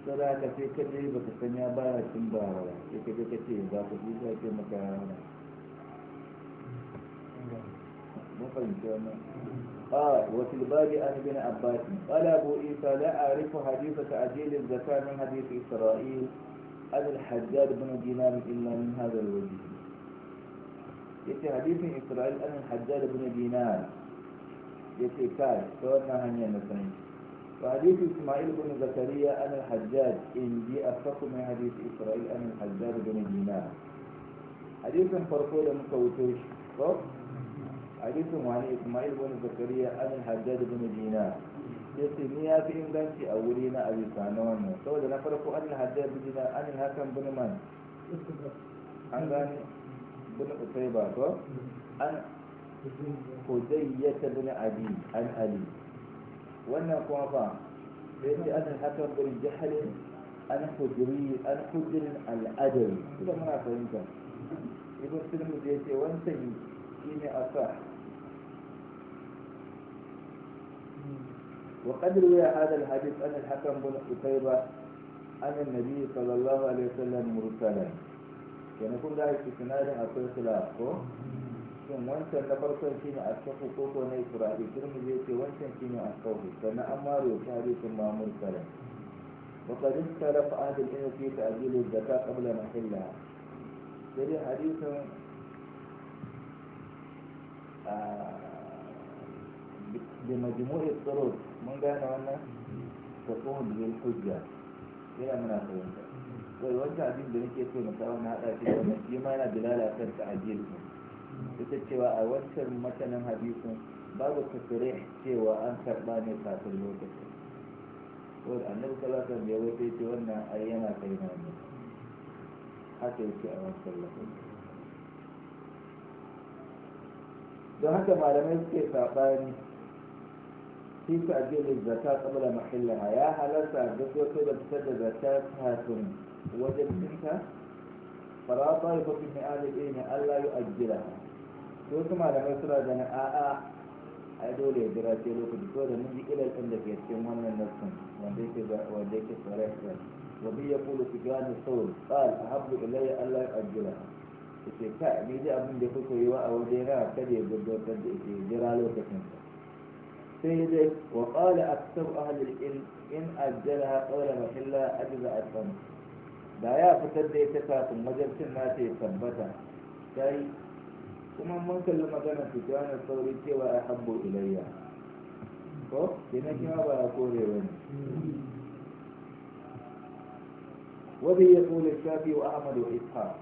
sai ka sai ka je baka san ya bara tun bara sai ka je ka ce ba ku ji sai maka قال آه، وفي الباب عن ابن عباس قال أبو عيسى لا أعرف حديث تعجيل الزكاة من حديث إسرائيل عن الحجاج بن دينار إلا من هذا الوجه يتي حديث إسرائيل عن الحجاج بن دينار يتي كاي فوانا هنيا نسعين وحديث إسماعيل بن زكريا عن الحجاج إن دي أفق من حديث إسرائيل عن الحجاج بن دينار حديث فرقود مكوتوش حديث عن إسماعيل بن زكريا عن الحجاج بن دينار yace ni ya fi inganci a wuri na abu na wannan saboda na farko an hajjar dina an hakan bin man an gane bin utai ba ko an hudayyata bin abi an ali wannan kuma fa sai an hakan bin jahalin an hujri an hujrin al'adari kuma muna fahimta ibn sulmu ya ce wancan ne asah وقد روي هذا الحديث عن الحكم بن قتيبة عن النبي صلى الله عليه وسلم مرسلا كان يقول ذلك في سنارة أطرس الأخو ثم وانسان نبرت فيما أشخ قوت ونيت رأي ترمزي في وانسان فيما أشخه فما أمر يشاري ثم أمر وقد انسلف أهد الإنو في تأجيل الزكاة قبل محلها هذا حديث آه، da majmu'i tsaro mun gane wannan ta tsohon da yin hujja yana muna fahimta wai wancan abin da nake so na kawo na hada shi wannan shi ma yana dalala kan ta'ajil ita cewa a wancan matanin hadisin babu tasirih cewa an karɓa ne kafin lokacin wanda annabi sallallahu alaihi wasallam ya wace ce wannan ai yana kai na ne haka yake a wannan lokacin don haka malamai suke sabani كيف أجل الزكاة قبل محلها يا هلا سأجل كيف أجل الزكاة هاتون وجد منك فراطة يقول في مئة لبين ألا يؤجلها توتما لما يسرى جنا آآ أدولي دراتي لوكو بكودة مجي إلى الأندك يتكمون من نفسهم وديك وديك فريك وبي يقول في جان الصور قال أحب إلي ألا يؤجلها إذا كان أبن دفوكو يواء أو دينا كدي يبدو كدي إتي جرالو تكنسا سيده وقال أكثر أهل الإن إن أجلها قولا محلة أجزاء الفن دا يا فتدي تكات مجلس الناس يثبتا كي كما من كل مدنة تجان الصوريتي وأحب الي فوق دينك ما بأقول يوني وبه يقول الشافي وأحمد وإسحاق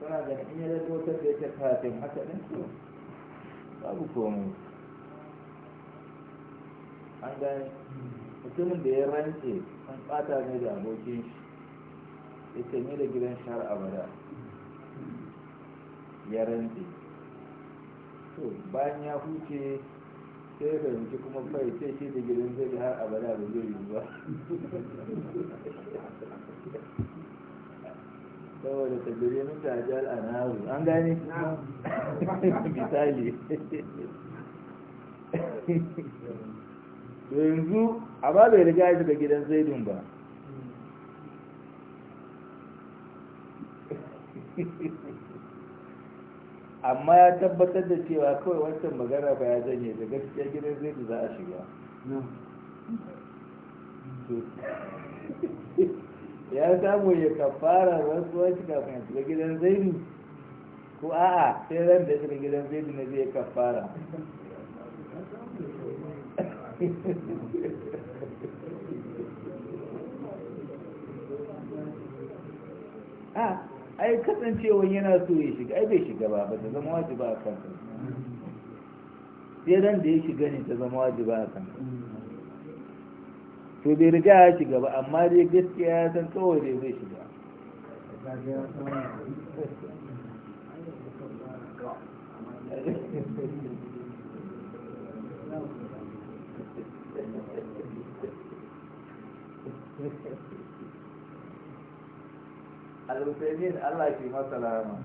فنادن إن يدوتك يتكاتم حتى نسوه أبو كومي an gani mutumin da ya rantse an bata ne da abokin shi ya ce da gidan shahar abada ya rantse to bayan ya huce sai fahimci kuma kai sai shi da gidan zai har abada ba zai yi ba saboda tabbiri mun ta jal a naru an na [laughs] misali [laughs] to yanzu amma bai riga ya shiga gidan zaidun ba amma ya tabbatar da cewa kawai wancan magana ba ya zanye da gaskiya gidan zaidu za a shiga ya samu ya kafara wasu wasu kafin ya shiga gidan zaidu ko a'a sai ran da shiga gidan zaidu na zai kafara a ah, ai kasancewa yana so ya shiga ai bai shiga ba ba ta zama wajiba a kanta sai ran da ya shiga ne ta zama wajiba a kanta to bai riga ya shiga ba amma dai gaskiya ya san kawai dai zai shiga Thank [laughs] you. al-Husaymin Allah ke masa rama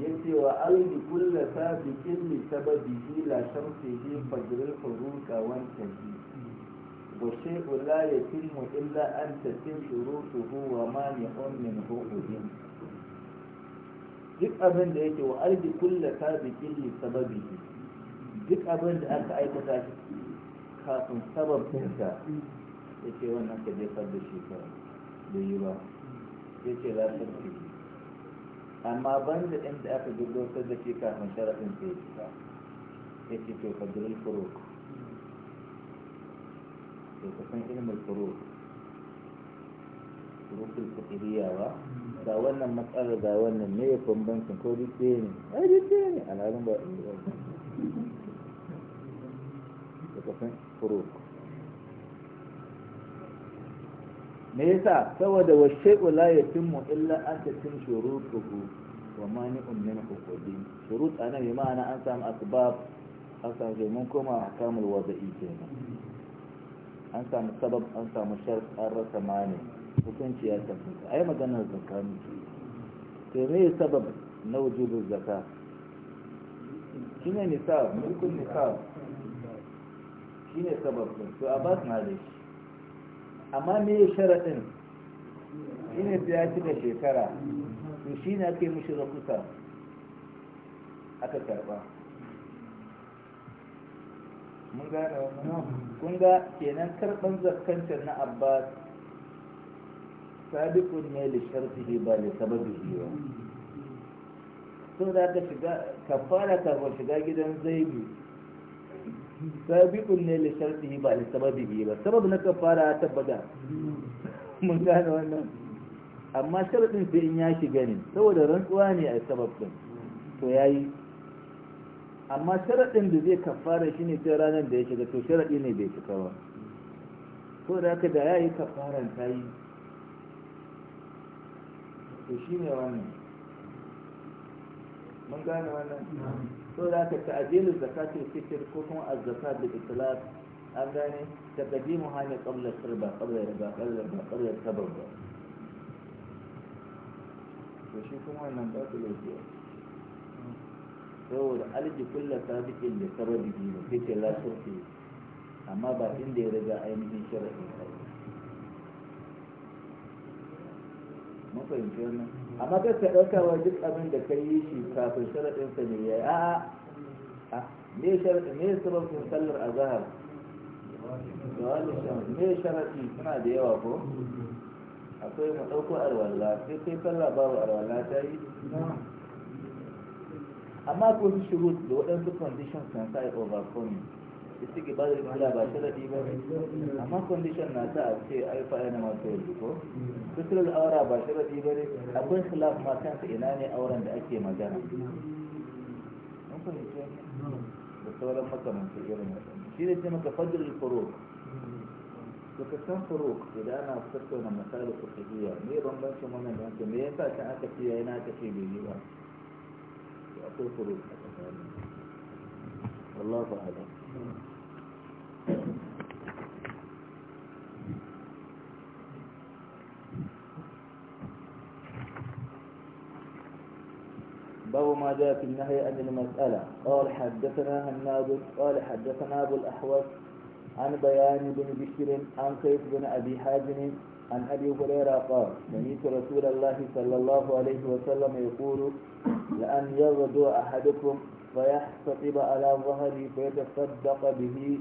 yace wa alli kulla sabiqin li shi la shamsihi fajrul furuqa wan tabi wa shay'un ya yatimmu illa an tatim shurutuhu wa mani'un min huquqin duk abin da yake wa alli kulla sabiqin li sababihi duk abin da aka aikata shi kafin sababinsa ya ce wannan ka jefar da shi ka da yi ba ya ce za ta fi amma ban da inda aka gaggautar da shi kafin sharafin ta yi cika ya ce to ka diril furo to ka san ilmin furo rukun fakiriya ba ga wannan matsalar ga wannan ne ya bambancin ko duk ɗaya ne ai duk ɗaya ne alhalin ba ɗaya littattafan furuk me yasa saboda wa shay'u la yatimmu illa an tatim shurutuhu wa mani'un min huquqin shurut ana bi ma'ana an samu asbab an samu sai mun koma ahkamul wada'i kenan an samu sabab an samu shart an rasa mani hukunci ya tabbata ai maganar zakani to me sabab na wujubin zakka shine nisab mulkun nisab shi ne sababin to abbas na da shi amma me ya sharaɗin shi ne ya ci da shekara to shi ne ake mishi rakusa aka karɓa mun gane wannan kun ga kenan karɓar zakkantar na abbas sabiqun ne li sharfihi ba li sababihi ba To da aka shiga kafara kafin shiga gidan zaibi sabiqun ne li shartihi ba li sababihi ba sabab na kafara tabbata mun gane wannan amma sharadin sai in ya shiga ne saboda rantsuwa ne a sabab din to yayi amma sharadin da zai kafara shine sai ranar da ya shiga to sharadi ne bai shiga ba ko da haka da yayi kafaran tayi to shine wannan mun gane wannan so da aka ta'adilu zakatul fitr ko kuma az-zakat bil ikhlas an gane ta taqdimu hani qabla sirba qabla riba qabla riba qabla sabab to shi kuma wannan ba Ta lafiya saboda alji kulla sabiqin da sababi ne fitr la shirki amma ba inda ya riga ainihin ba mafahimci wannan amma kai ka ɗauka wa duk abin da ka yi shi kafin sharaɗin sa ne ya a'a me sharaɗi me sababin sallar zahar me sharaɗi suna da yawa ko akwai mu ɗauko arwalla sai kai sallah babu arwalla ta yi amma ko shurut da waɗansu conditions na sa overcoming istiqbalul mala ba da sharadi ba ba amma condition na ta a ce a yi ina ma to yi ko fitrul aura ba sharadi ba ne akwai khilaf ma kansa ina ne auren da ake magana mun fahimci da sauran makamanci irin wannan shi ne sai maka fadlul furuq to ka san furuq idan ana tattauna masalar fiqhiyya me bambancin wannan da wancan me yasa kan aka ce yayin aka ce bai yi ba akwai furuq a tsakanin والله أعلم باب ما جاء في النهي عن المسألة قال حدثنا هناد قال حدثنا أبو الأحوص عن بيان بن بشر عن سيف بن أبي حازم عن أبي هريرة قال سمعت رسول الله صلى الله عليه وسلم يقول لأن يغدو أحدكم فيحتطب على ظهري فيتصدق به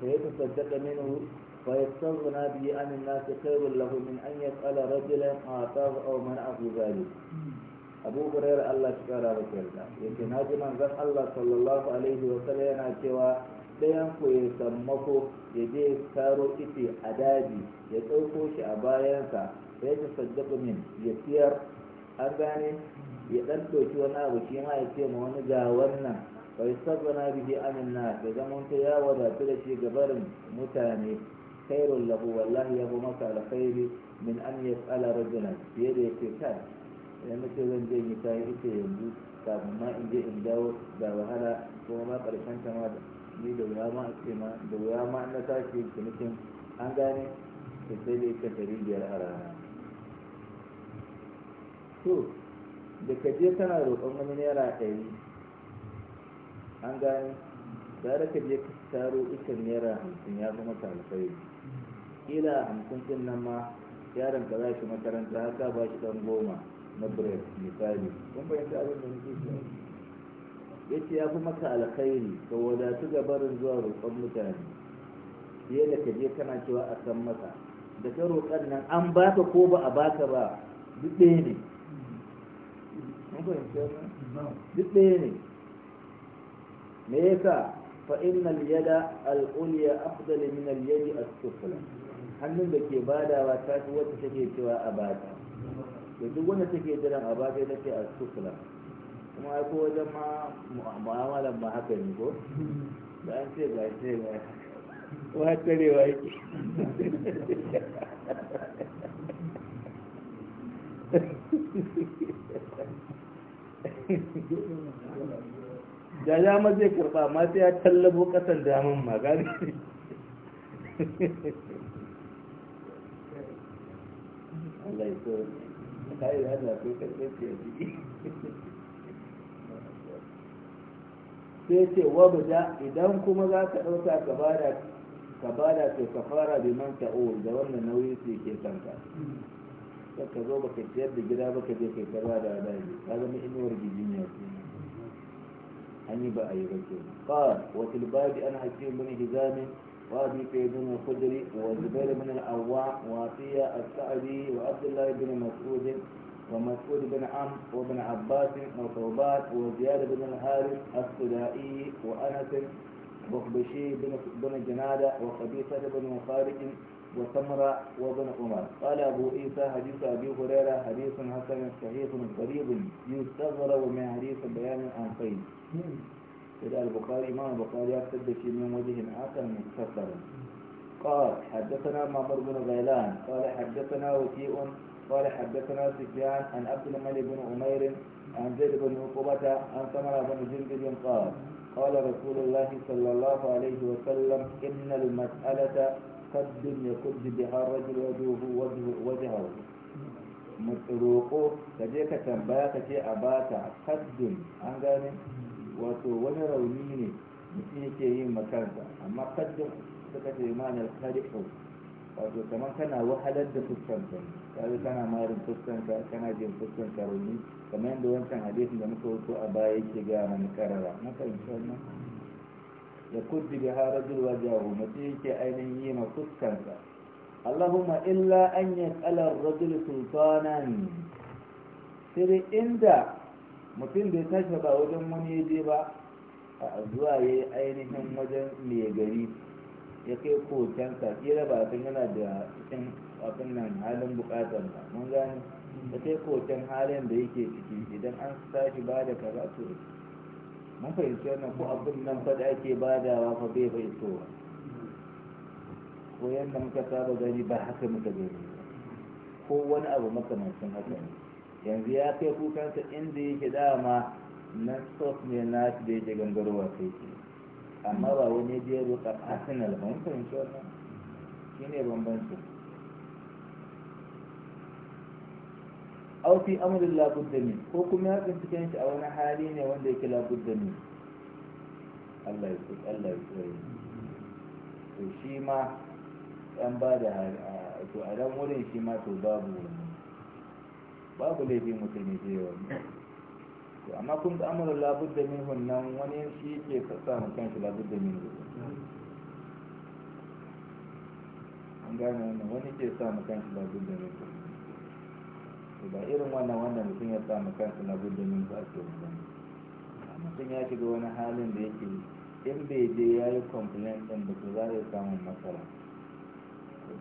فيتصدق منه فيستغنى به عن الناس خير له من أن يسأل رجلا أعطاه أو منعه ذلك abu hurairar Allah shi kara da kyauta yake na ji manzon Allah sallallahu alaihi wa sallam yana cewa ɗayan ku ya sammako ya je taro ite a daji ya ɗauko shi a bayansa ya ji saddaku min ya siyar an gane ya ɗan ɗauki wani abu shi ma ya ce ma wani ga wannan bai sabbana biyu amina da zaman ta ya wadatu da shi gabarin mutane khairun lahu wallahi ya maka alkhairi min an tsala rajulan fiye da yake kai ya mace zan je ni kayi ita yanzu kafin ma in je in dawo da wahala kuma ma ƙarshen kama da ni da wuya ma a ce ma da wuya ma na tashi cinikin an gane da sai da ita ɗari biyar a rana to da ka je kana roƙon wani naira ɗari an gane da ka je ka taro ita naira hamsin ya zama talibai kila hamsin ɗin nan ma yaron ka za shi makaranta haka ba shi ɗan goma na bread misali kun bayyanta abin da nake shi ya ce ya fi maka alkhairi ka wadatu ga barin zuwa roƙon mutane fiye da ka je kana cewa a san maka da ka roƙon nan an baka ko ba a baka ba duk ɗaya ne duk ɗaya ne me yasa fa innal yada al-ulya afdal min al-yadi as-sufla hannun da ke badawa ta fi wacce take cewa a bata yanzu wanda take jiran a baje ke a sukula kuma ai ko wajen ma mu'amalan ma haka ne ko da an ce ba ce ba wa tare wa yake da dama zai karba ma sai ya tallabo kasan daman magani Allah ya kayi Allah ko karɓarci ya ji sai ce wa da idan kuma za ka ɗauka ka bada ka ka fara bi man ta'ul da wannan nauyi su ke kanka sai ka zo baka ciyar da gida baka je kai ka da adabi ka zama inuwar gijinya an yi ba a yi ba ke ba وفي الباب عن حكيم بن وابي بن الخدري وزبير بن الاواع وعطيه السعدي وعبد الله بن مسعود ومسعود بن عم وابن عباس وثوبات وزياد بن الحارث السدائي وانس وخبشي بن جنادة وخبيثة بن مخارج وسمرة وابن عمر قال أبو عيسى حديث أبي هريرة حديث حسن صحيح غريب يستغرب من حديث بيان الانفين إلى البخاري إمام البخاري يقتد في من وجه آخر مختصر قال حدثنا معمر بن غيلان قال حدثنا وكيء قال حدثنا سفيان عن عبد الملك بن عمير عن زيد بن عقبة عن ثمرة بن جندب قال قال رسول الله صلى الله عليه وسلم إن المسألة قد يقد بها الرجل وجهه وجهه, وجهه. متروقه ka je ka tambaya ka wato wani rauni ne mutum yake yin makaranta, amma kaddin suka ce manar kadi'u wato kamar kana wahalar da fuskanka kaga kana marin fuskanka kana jin fuskanka rauni kamar yadda wancan hadisin da muka wuto a baya yake ga mana karara muka yi wannan ya kuddi bi harajul wajahu mutum yake ainihin yi ma fuskansa Allahumma illa an yas'ala ar-rajul sultanan sai inda mutum bai tashi ba wajen wani ya je ba a zuwa ya yi ainihin wajen mai gari ya kai kokensa kila ba sun yana da cikin abin nan halin bukatar ba mun gane ya kai koken halin da yake ciki idan an tashi ba da kaza to mun fahimci wannan ko abin nan fa da ake badawa fa bai bai to ko yadda muka saba gani ba haka muka gani ko wani abu makamancin haka ne yanzu ya kai kukansa inda yake dama na stock ne na su da yake gangarowa sai ke amma ba wani biyar rukar arsenal ba mun fahimci wannan shi ne bambanci aufi amurin labudda ko kuma ya tsinci shi a wani hali ne wanda yake labudda allah ya tsaye allah ya tsaye to shi ma yan ba da hali a to a wurin shi ma to babu wani babu laifi mutum ya yau amma kun da amara labudda hunan wani shi ke sa mu kanshi labudda min an gane wannan wani ke sa kanshi min ba irin wannan wanda mutum ya sa mu kanshi min ba ke wannan mutum ya shiga wani halin da yake in bai je ya yi complain din za matsala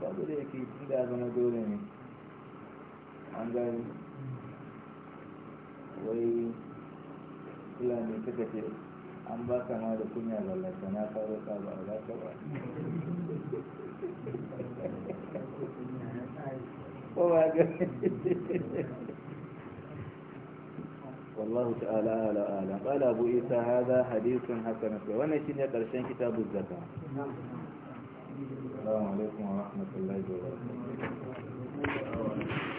babu da yake tun da zama dole ne an wai fulani an ba da kunya na ba a ba ga والله تعالى على أعلى قال أبو إيسى هذا حديث حسن وانا شين يقرشين كتاب الزكاة السلام عليكم ورحمة الله وبركاته